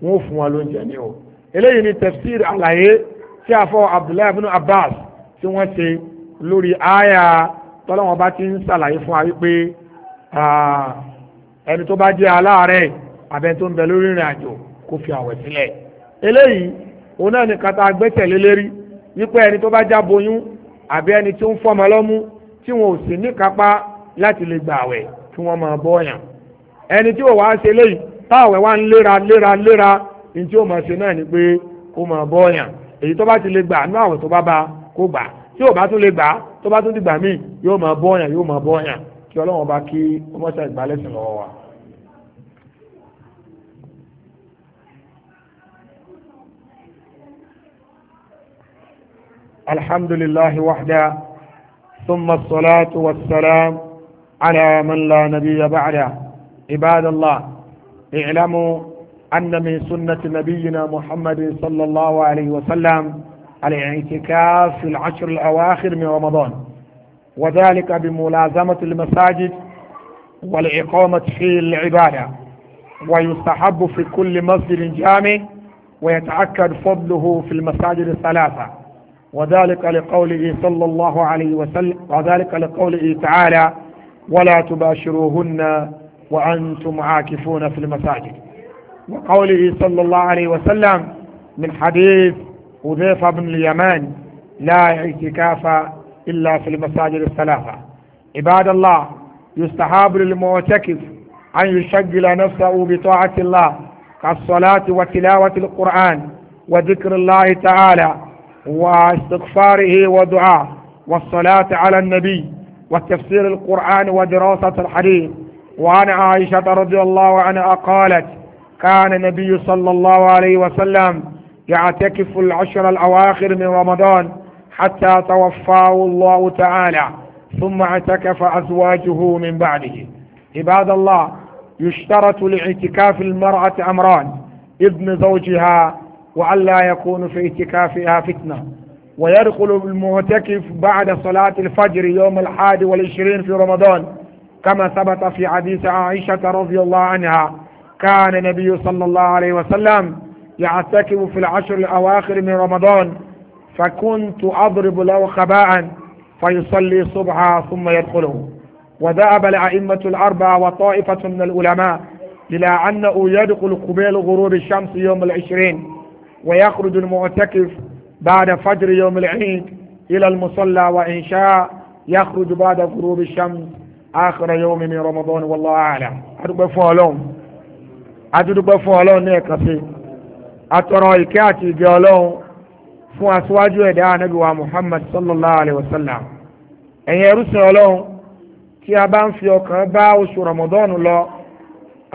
wọn ó fún wọn lóúnjẹ ní o eléyìí ni tafsir àlàyé tí a fọ Abdullahi bin Abbas tí wọ́n ṣe lórí àyà tọ́lọ́wọ́n bá ti ń ṣàlàyé fún wa wípé ẹni tó bá jẹ́ aláàárẹ̀ abẹ́ni tó ń bẹ lórí ìrìn àjò kó fi àwẹ̀ sílẹ̀ eléyìí òun náà ní kàtà agbẹ́tẹ̀lé lérí wípé ẹni tó bá jáboyún àbí ẹni tó ń fọmọ lọ́mú tí wọn ò sì níkápá láti lè gbà àwẹ̀ kí wọ́n máa bọ́ ọ̀yàn ẹni tí ò wá ṣe léyìí táwẹ̀ wá ń léra léra léra ní tí ó máa ṣe náà ni pé kó máa bọ́ ọ̀yàn èyí tó bá ti lè gbà ní àwẹ̀ tó bá bá kó gbà tí ò bá tún lè gbà tó bá tún dìgbà míì yóò máa bọ́ ọ̀yàn yóò máa bọ́ ọ̀yàn kí ọlọ́run bá kí ọmọ الحمد لله وحده ثم الصلاة والسلام على من لا نبي بعده عباد الله اعلموا أن من سنة نبينا محمد صلى الله عليه وسلم الاعتكاف في العشر الأواخر من رمضان وذلك بملازمة المساجد والإقامة في العبادة ويستحب في كل مسجد جامع ويتأكد فضله في المساجد الثلاثة وذلك لقوله صلى الله عليه وسلم وذلك لقوله تعالى ولا تباشروهن وأنتم عاكفون في المساجد وقوله صلى الله عليه وسلم من حديث حذيفة بن اليمان لا اعتكاف إلا في المساجد الثلاثة عباد الله يستحاب للمعتكف أن يشغل نفسه بطاعة الله كالصلاة وتلاوة القرآن وذكر الله تعالى واستغفاره ودعاء والصلاة على النبي وتفسير القرآن ودراسة الحديث وعن عائشة رضي الله عنها قالت كان النبي صلى الله عليه وسلم يعتكف العشر الأواخر من رمضان حتى توفاه الله تعالى ثم اعتكف أزواجه من بعده عباد الله يشترط لاعتكاف المرأة أمران ابن زوجها وألا يكون في اعتكافها فتنة ويدخل المعتكف بعد صلاة الفجر يوم الحادي والعشرين في رمضان كما ثبت في حديث عائشة رضي الله عنها كان النبي صلى الله عليه وسلم يعتكف في العشر الأواخر من رمضان فكنت أضرب له خباء فيصلي صبحا ثم يدخله وذهب الأئمة الأربعة وطائفة من العلماء إلى أنه يدخل قبيل غروب الشمس يوم العشرين ويخرج المعتكف بعد فجر يوم العيد إلى المصلى وإن شاء يخرج بعد غروب الشمس آخر يوم من رمضان والله أعلم أدوبة فولون أدوبة فولون نيكسي أترى إكاتي جولون fún aṣáájú ẹ̀dá anábìwá Muhammad sallallahu alayhi wa sallam ẹ̀yin ẹrú sin ọlọ́run tí a bá ń fi ọkàn bá oṣù Ramadan lọ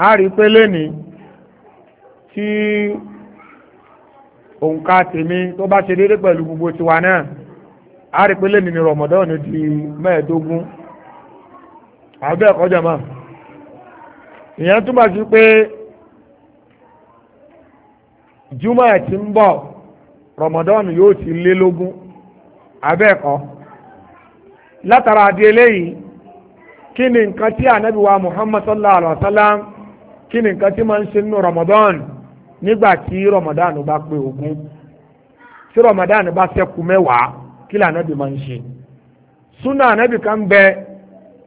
a rí pé lẹ́ni tí onka tèmi tó bá ṣe déédé pẹ̀lú gbogbo tiwa náà a rí pé lẹ́nu ni rọmọdọ́ọ̀nù di mẹ́ẹ̀ẹ́dógún àbẹ́ ẹ̀kọ́ jẹ̀mọ́ ìyẹn túmọ̀ sí pé ti ń bọ̀ rọmọdọ́ọ̀nù yóò ti lé lógún àbẹ́ ẹ̀kọ́ látara eléyìí kí ni nǹkan tí ànábì muhammadu sallallahu alaihi wa kí ni nǹkan tí máa ń ṣe nínú rọmọdọ́ọ̀nù. nígbà tí Ramadan bá pé ogún tí Ramadan bá ṣẹ́kù mẹ́wàá kí lànàbì máa ń ṣe súnà ànàbì kan bẹ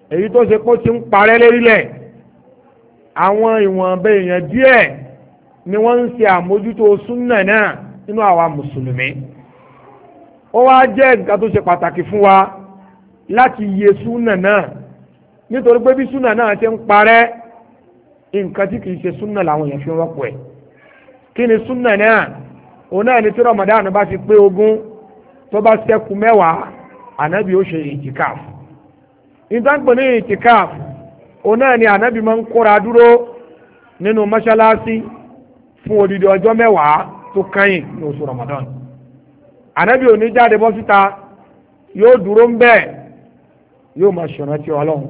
èyí tó ṣe pé ó ti ń parẹ́ lérílẹ̀ àwọn ìwọ̀nba èèyàn díẹ̀ ni wọ́n ń ṣe àmójútó súnà náà nínú àwa mùsùlùmí ó wá jẹ́ nǹkan tó ṣe pàtàkì fún wa láti yẹ súnà náà nítorí pé bí súnà náà ṣe ń parẹ́ nǹkan tí kì í ṣe súnà làwọn èèyàn fi rọ́pò ẹ̀ kí ni súnà náà òun náà ni tí ramadan bá ti pé ogún tó bá ṣẹ́kù mẹ́wàá ànábì ó ṣe ìtìkáf ìtàǹpẹ̀ ní ìtìkáf òun ni ànábì máa ń kóra dúró nínú mọ́ṣáláṣí fún odidi ọjọ́ mẹ́wàá tó kẹ́yìn ní oṣù ramadan ànábì ò jáde bọ́ síta yóò dúró ń yóò máa ṣèrántí ọlọ́run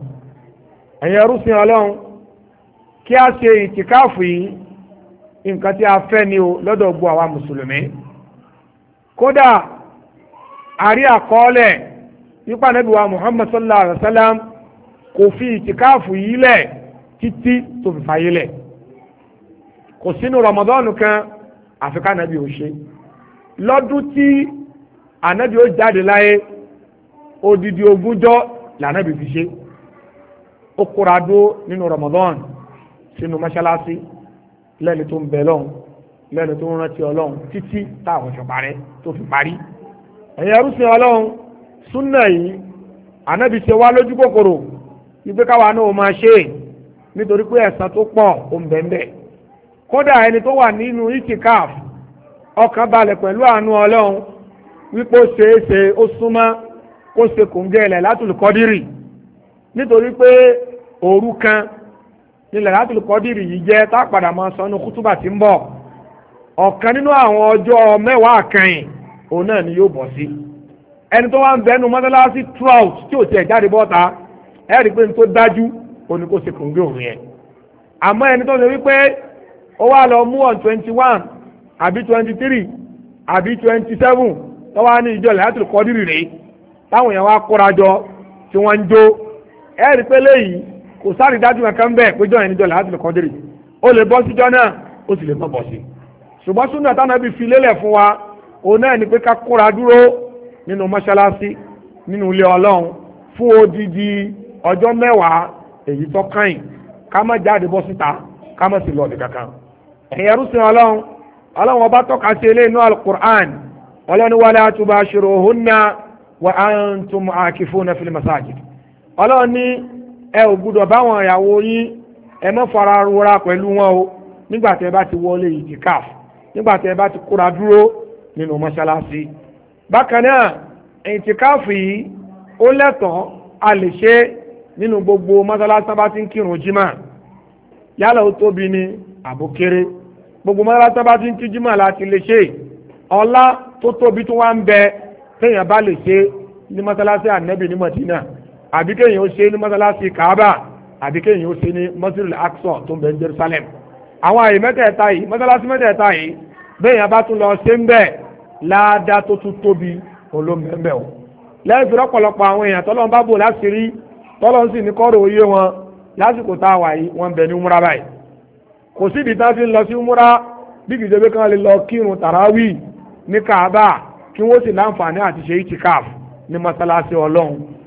ẹ̀yin ọlọ́run nǹkan tí a fẹ́ ni o lọ́dọ̀ gbogbo àwa mùsùlùmí kódà àrí àkọọ́lẹ̀ nípa Ànábì wa Muhammad sallallahu alaihi wa sallam kò fi ìtìkáàfù yìí lẹ̀ títí tó fi fàyè lẹ̀ kò sínú Ramadan kan àfi ká Ànábì ò ṣe lọ́dún tí Ànábì ó jáde láyé odidi ogúnjọ́ lànàbì fi ṣe ó kóra dó nínú Ramadan sínú mọ́ṣáláṣí. Si lẹ́ni tó ń bẹ lọ́hùn lẹ́ni tó ń rántí ọlọ́hùn títí táwọn ìṣọ̀ parẹ́ tó fi parí. ẹ̀yin arúsìn ọlọ́hùn súnà yìí ànábì ṣe wá lójú kòkòrò wípé káwa náà máa ṣe é nítorí pé ẹ̀san tó pọ̀ ó ń bẹ̀ẹ̀ kódà ẹni tó wà nínú itikaf ọkàn balẹ̀ pẹ̀lú àánú ọlọ́hùn wípé ó ṣeé ṣe ó súnmọ́ kó ṣe kòǹgẹ́ ilẹ̀ látùlùkọ́dírì nítorí pé òru kan ní lẹ́yàtò kọ́dìrì yìí jẹ́ tá a padà máa sanu kútúbà tí ń bọ̀ ọ̀kan nínú àwọn ọjọ́ mẹ́wàá kẹyìn òun náà ni yóò bọ̀ sí ẹni tó wá ń bẹnu mọ́tálásí trout tí ò tiẹ̀ jáde bọ́ta ẹ rí i pé ní tó dájú òun ni kò ṣe kòǹgé òun yẹn àmọ́ ẹni tó ṣe wípé ó wá lọ mú on twenty one àbí twenty three àbí twenty seven tó wá ní ìjọ lẹ́yàtò kọ́dìrì rèé táwọn yẹn wá kóra jọ tí wọ́n ń jó ẹ rí i pé léyìí kò sáré dájú kankan bẹ́ẹ̀ pé jọ́yìn níjọ́ làásìlẹ̀ kọ́dírì ó lè bọ́ síjọ́ náà o sì lè má bọ́ sí ṣùgbọ́n súnà táwọn ibi fi lélẹ̀ fún wa òun náà ni pé ká kóra dúró nínú mọ́ṣáláṣí nínú ilé ọlọ́run fún odidi ọjọ́ mẹ́wàá èyí tó kàn ká má jáde bọ́ síta ká má sì lọ ọ̀dẹ̀ kankan ẹ̀yẹrú sin ọlọ́run ọlọ́run ọba tọ́ka sí ilé inú alukur'an fil ẹ ò gbúdọ̀ báwọn ìyàwó yín ẹ má fara rora pẹ̀lú wọn o nígbà tẹ́ bá ti wọlé ìtìkáf nígbà tẹ́ bá ti kóra dúró nínú mọ́ṣáláṣí bákan náà ìtìkáf yìí ó lẹ́tọ̀ọ́ a lè ṣe nínú gbogbo mọ́ṣáláṣí tá bá ti ń kírun jímà yálà ó tóbi ni àbókéré gbogbo mọ́ṣáláṣí tá bá ti ń kí jímà láti lè ṣe ọlá tó tóbi tó wá ń bẹ téèyàn bá lè ṣe ní mọ́ṣáláṣí ànẹ́bì ní Mádínà àbí kéèyàn ó ṣe ní mọ́sálásí kaaba àbí kéèyàn ó ṣe ní mọ́sílù aksọ tó ń bẹ ní Jerusalem àwọn àyè mẹ́tẹ̀ẹ̀ta yìí mọ́sálásí mẹ́tẹ̀ẹ̀ta yìí bẹ́ẹ̀ yẹn bá tún lọ ṣe ń bẹ̀ láàdá tó tún tóbi olóńgbẹ́mbẹ́ o lẹ́yìn ọ̀pọ̀lọpọ̀ àwọn èèyàn tọ́lọ́n bá bò láṣìírí tọ́lọ́n sì ní kọ́rọ̀ òye wọn lásìkò tá a wà yìí wọ́n ń ní umra báyìí kò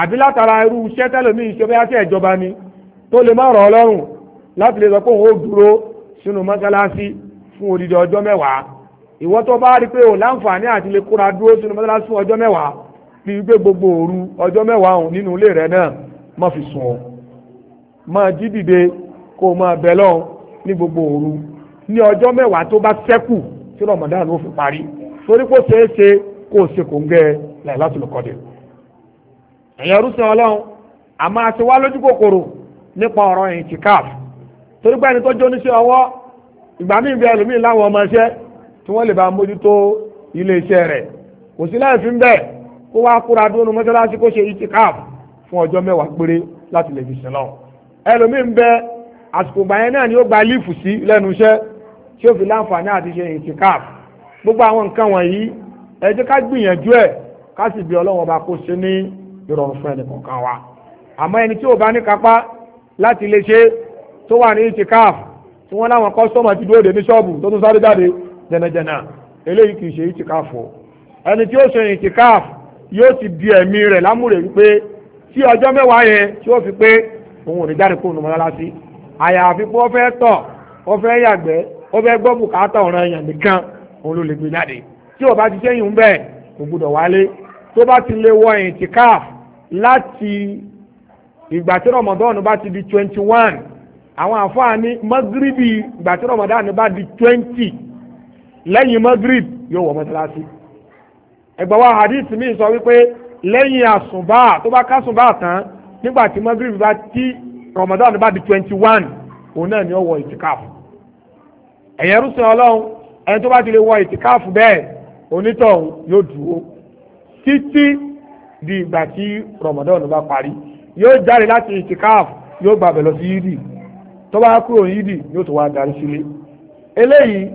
àbí látara irú iṣẹ́ tẹ́lẹ̀mí ìṣọ́bẹ́ àti ìjọba ni tó lè má rọ̀ ọlọ́rùn láti lè sọ pé òun ó dúró sínú mọ́sálásí fún odidi ọjọ́ mẹ́wàá ìwọ tó bá rí pé ò láǹfààní àti lè kóra dúró sínú mọ́sálásí fún ọjọ́ mẹ́wàá bí wípé gbogbo òru ọjọ́ mẹ́wàá òun nínú ilé rẹ̀ náà má fi sùn ọ́ máa jí dìde kó o máa bẹ̀ ní gbogbo òru ní ọjọ́ mẹ́wàá tó bá ṣẹ́kù tí rọ̀mọ̀dán ló fi parí torí kó ṣeé ṣe kó o ṣe kò ń gẹ́ láì láti lọ́kọ́dẹ̀ ẹ̀yẹ rúṣin ọlọ́run a máa ṣe wá lójú kòkòrò nípa ọ̀rọ̀ ìtìkáf torí pé ẹni tó jó níṣẹ́ ọwọ́ ìgbà míì bí ẹlòmíì láwọn ọmọ iṣẹ́ tí wọ́n lè bá mójútó ilé iṣẹ́ rẹ̀ kò sí láì fi ń bẹ̀ kó wá kóra dúró nu mọ́ṣáláṣí kó ṣe ìtìkáf fún ọjọ́ mẹ́wàá péré láti lè fi sìn lọ ẹlòmíì ń bẹ àsìkò ìgbà náà ni ó gba lífù sí lẹ́nu iṣẹ́ tí ó fi láǹfààní àti ṣe ìtìkáf gbogbo àwọn nǹkan wọ̀nyí ẹ ká gbìyànjú ẹ̀ ká sì bí ọlọ́wọ́n ọba kó ṣe ní ìrọ̀rùn fún ẹnì kọ̀ọ̀kan wa àmọ́ ẹni tí ò bá ní kápá láti lè ṣe tó wà ní itikaf tí wọ́n láwọn kọ́sọ́mà ti dúró dè ní ṣọ́ọ̀bù tó tún sáré jáde jẹnẹjẹnà eléyìí kì í ṣe itikaf o ẹni tí ó ṣe itikaf yóò ti di ẹ̀mí rẹ̀ lámúrè wípé tí ọjọ́ mẹ́wàá yẹn tí ó fi pé òun ò ní jáde kóònù mọ́lá sí àyàfi pé ó fẹ́ tọ̀ ó fẹ́ yàgbẹ́ ó fẹ́ gbọ́ bùkátà ọ̀ràn èèyàn nìkan òun ló lè gbé jáde tí ò bá ti ṣẹ́yìn ń bẹ́ẹ̀ kò gbúdọ̀ wálé tó bá ti lè wọ ìtìkáf láti ìgbà tí ramadan bá ti di twenty one àwọn àfáàní magribi ìgbà tí ramadan bá di twenty lẹ́yìn magrib yóò wọ mọ́sálásí ẹgbẹ́ wa hadith mi sọ wípé lẹ́yìn àsùnbà tó bá kásùnbà tán nígbà tí magrib bá ti ramadan bá di twenty one òun náà ni ó wọ ìtìkáf ẹ̀yẹ́rú sọ ọlọ́run ẹni tó bá ti lè wọ ìtìkáf bẹ́ẹ̀ onítọ̀hún yóò dúró títí di ìgbà tí Ramadan bá parí yóò jáde láti itikaf yóò gbàbẹ̀ lọ sí yídì tó bá kúrò yídì yóò tó wá darí sílé eléyìí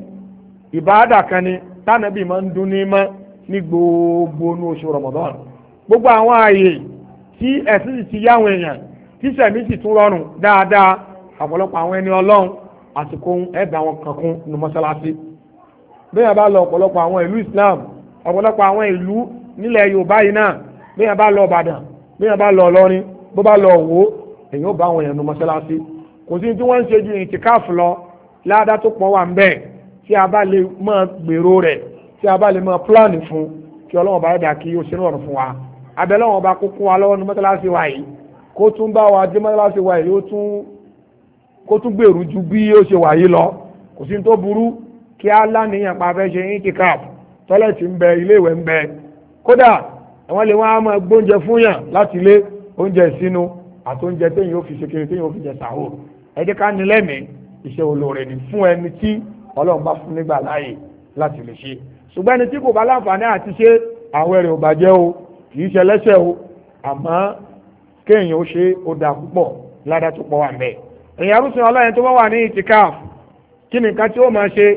ìbáàdà kan ni tánàbì máa ń dún ní mọ́ ní gbogbo inú oṣù Ramadan gbogbo àwọn ààyè tí ẹ̀sìn sì ti yáwọn èèyàn tí sẹ̀mí sì tún rọrùn dáadáa ọ̀pọ̀lọpọ̀ àwọn ẹni ọlọ́run àsìkò ẹ̀bà wọn kankun ní mọ́sálásí bẹ́ẹ̀ bá lọ ọ̀pọ̀lọpọ̀ àwọn ìlú Islam ọ̀pọ̀lọpọ̀ àwọn ìlú nílẹ̀ yorùbá yìí náà bí wọn bá lọ ìbàdàn bí wọn bá lọ ọlọrin bó bá lọ òwò èyí ó bá àwọn èèyàn nu mọ́ṣáláṣí kò sí tí wọ́n ń ṣe ju ìtìkáàfù lọ ládá tó pọ̀ wà ń bẹ̀ tí a bá lè máa gbèrò rẹ̀ tí a bá lè máa pílánì fún kí ọlọ́wọ́n bá dà kí o ṣe rọrùn fún wa abẹ́lẹ́wọ̀n bá kúkú wa lọ́wọ́ nu mọ́ṣáláṣí wa yìí kó tún bá wa dé mọ́ṣáláṣí wa yìí kó tún gbèrú ju bí ó ṣe wà yìí lọ kò sí tó burú kí á lánìyàn pa afẹ́ ṣe ìtìkáàfù tọ́lẹ̀tì ń bẹ ilé ìwẹ̀ ń bẹ kódà àwọn lè wọ́n á máa gbóúnjẹ fún yàn láti lé oúnjẹ ìsinú àti oúnjẹ téyìn ó fi ṣe kiri téyìn ó fi jẹ sàhó ẹ jẹ́ ká ní lẹ́mìí iṣẹ́ olóore ni fún ẹni tí ọlọ́run bá fún nígbà láàyè láti lè ṣe ṣùgbọ́n ẹni tí kò bá láǹfààní àti ṣe àwẹ̀ rẹ̀ ò bàjẹ́ o kì í ṣe lẹ́sẹ̀ o àmọ́ kéèyàn ó ṣe ó dáa púpọ̀ ládàá tó pọ̀ wà ń bẹ̀. èèyàn ọlọ́yẹn tó bá wà ní ìtìkáf kí nìkan tí ó máa ṣe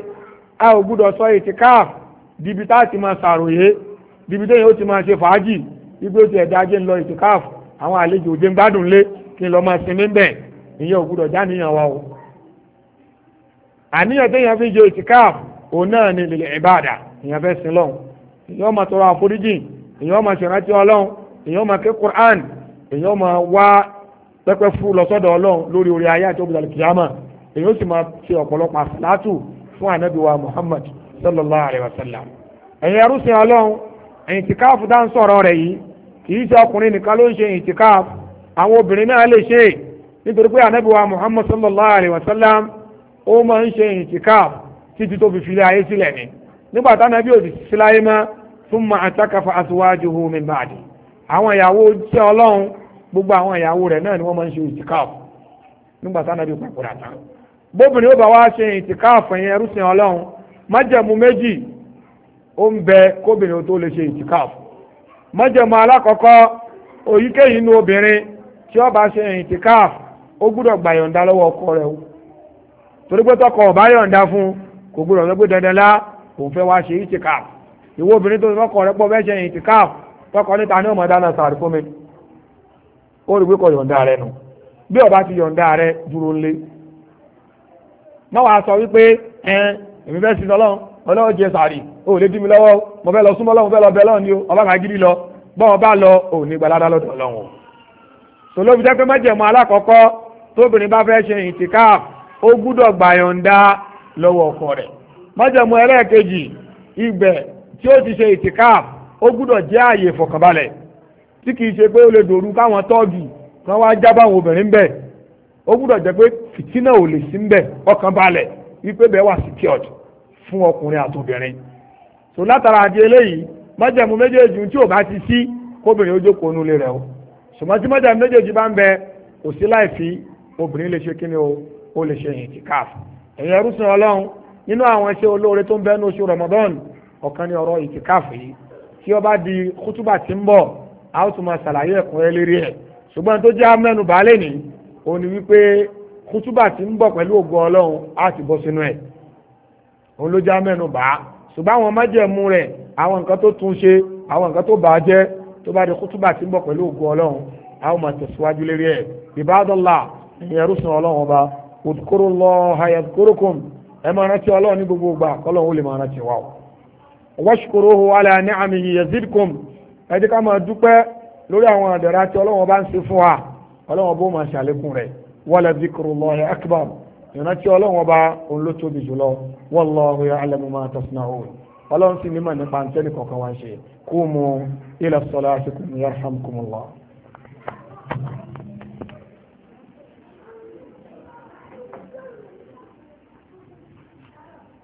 a ò gbúdọ̀ sọ ìtìkáf dìbí tá máa ṣàròyé bíbídé yìí ó ti máa ṣe fàájì ibi ó ti ẹ̀dá ajé ń lọ ìtìkáàfù àwọn àlejò òde ń gbádùn lé kí n lọ máa sinmi ń bẹ̀ ìyẹn ò gbúdọ̀ jáníyàn wa o. àníyàn téèyàn fi ṣe ìtìkáàfù òun náà ni lè ìbáàdà èèyàn fẹ́ sin lọ́hùn èèyàn máa tọrọ àforíjì èèyàn máa ṣèrántí ọlọ́hun èèyàn máa ké Qur'an èèyàn máa wá pẹ́pẹ́ fún lọ́sọ́dọ̀ ọlọ́hun lórí orí ayé Muhammad sallallahu alayhi wa sallam ẹ̀yin arúsìn ìtìkáàfù dá ń sọ̀rọ̀ rẹ̀ yìí kì í ṣe ọkùnrin nìkan ló ń ṣe ìtìkáàfù àwọn obìnrin náà lè ṣe nítorí pé ànábì wa sallallahu alayhi wa sallam ó máa ń ṣe ìtìkáàfù títí tó fi ayé sílẹ̀ ni nígbà táwọn ẹbí òsì síláyé mọ́ fún ma àtàkàfà min ba'di àwọn ìyàwó jẹ́ ọlọ́run gbogbo àwọn ìyàwó rẹ̀ náà ni wọ́n máa ń ṣe ó ń bẹ kóbìnrin tó lè ṣe ìtìkáàfù mọ́jẹ̀mọ́ alákọ̀ọ́kọ́ òyíkéyìí inú obìnrin tí ó bá ṣe ìtìkáàfù ó gbúdọ̀ gbà yọ̀ǹda lọ́wọ́ o torí pé tọkọ ò yọ̀ǹda fún kò gbúdọ̀ lọ́gbé dandan lá kò fẹ́ wá ṣe ìtìkáàfù ìwọ obìnrin tó tọkọ rẹ̀ pọ̀ fẹ́ ṣe ìtìkáàfù tọkọ níta ní ọmọ dáná sàrí fún mi ó rí yọ̀ǹda rẹ̀ nù ti yọ̀ǹda rẹ̀ dúró sọ wípé ọlọ́wọ́ jẹ sàárì ò lè dí mi lọ́wọ́ mo fẹ́ lọ súnmọ́ lọ́wọ́ mo fẹ́ lọ bẹ́ẹ̀ lọ́wọ́ ni o ọba kan gidi lọ bọ́n ọba lọ ò ní gbalada lọ́dọ̀ ọlọ́run tòlóbi jẹ́ pé májẹ̀mú alákọ̀ọ́kọ́ tóbìnrin bá fẹ́ ṣe ìtìkáàf ó gbúdọ̀ gbàyọ̀ǹda lọ́wọ́ ọkọ rẹ̀ májẹ̀mú ẹlẹ́ẹ̀kejì ibẹ̀ tí ó ti ṣe ìtìkáàf ó gbúdọ̀ jẹ́ àyè ìfọ̀kànbalẹ̀ tí kìí ṣe pé ó lè dòru káwọn tọ́ọ̀gì kan wá jábọ̀ àwọn obìnrin bẹ́ẹ̀ ó gbúdọ̀ jẹ́ pé fìtínà ò lè sí ń bẹ̀ ọkàn balẹ̀ wípé bẹ́ẹ̀ wà secured fún ọkùnrin àtòbìnrin so látara àti eléyìí májẹ̀mú méjèèjì tí ò bá ti sí kóbìnrin ó jókòó nulẹ̀ rẹ̀ o ṣùgbọ́n tí májẹ̀mú méjèèjì bá ń bẹ kò sí láì fi obìnrin lè ṣe kíni o ó lè ṣe yìnyín ti káf ẹ̀yin ẹrúsìn ọlọ́run nínú àwọn iṣẹ́ olóore tó ń bẹ ní oṣù Ramadan ọ̀kan ní ọ̀rọ̀ ìtìkáf yìí tí ó bá di kútúbà tí ń bọ̀ a ó tún máa ṣàlàyé ẹ̀kúnrẹ́ lérí ẹ̀ ṣùgbọ́n tó jẹ́ amẹ́nu baálé ni òun ni wípé kútúbà tí ń bọ̀ pẹ̀lú ògo ọlọ́run á ti bọ́ sínú ẹ̀ òun ló já mẹ́nu bà á ṣùgbọ́n àwọn májẹ̀mú rẹ̀ àwọn nǹkan tó tún ṣe àwọn nǹkan tó bà á jẹ́ tó bá di kútúbà tí ń bọ̀ pẹ̀lú ògùn ọlọ́run àwọn máa tẹ̀síwájú lérí ẹ̀ ìbádọ́là ìyẹn rúṣin ọlọ́run ọba òdùkúrò lọ hayàdùkúrùkùn ẹ máa rántí ọlọ́run ní gbogbo ìgbà kọ́lọ́run ó lè máa rántí wa o wọ́ṣukúròhó alẹ́ àní àmì yazidkum ẹ jẹ́ ká máa dúpẹ́ lórí àwọn àdàrà tí ọlọ́run ọba ń ṣe fún wa ọlọ́run ọba ó máa ṣàlékún rẹ̀ wala zikrullahi akbar ìrántí ọlọ́run ọba òun ló tóbi jùlọ wallahu ya'lamu ma tasna'un ọlọ́run sì mímọ̀ nípa ntẹ́nì kọ̀ọ̀kan wá ṣe kumu ila salatikum yarhamkumullah.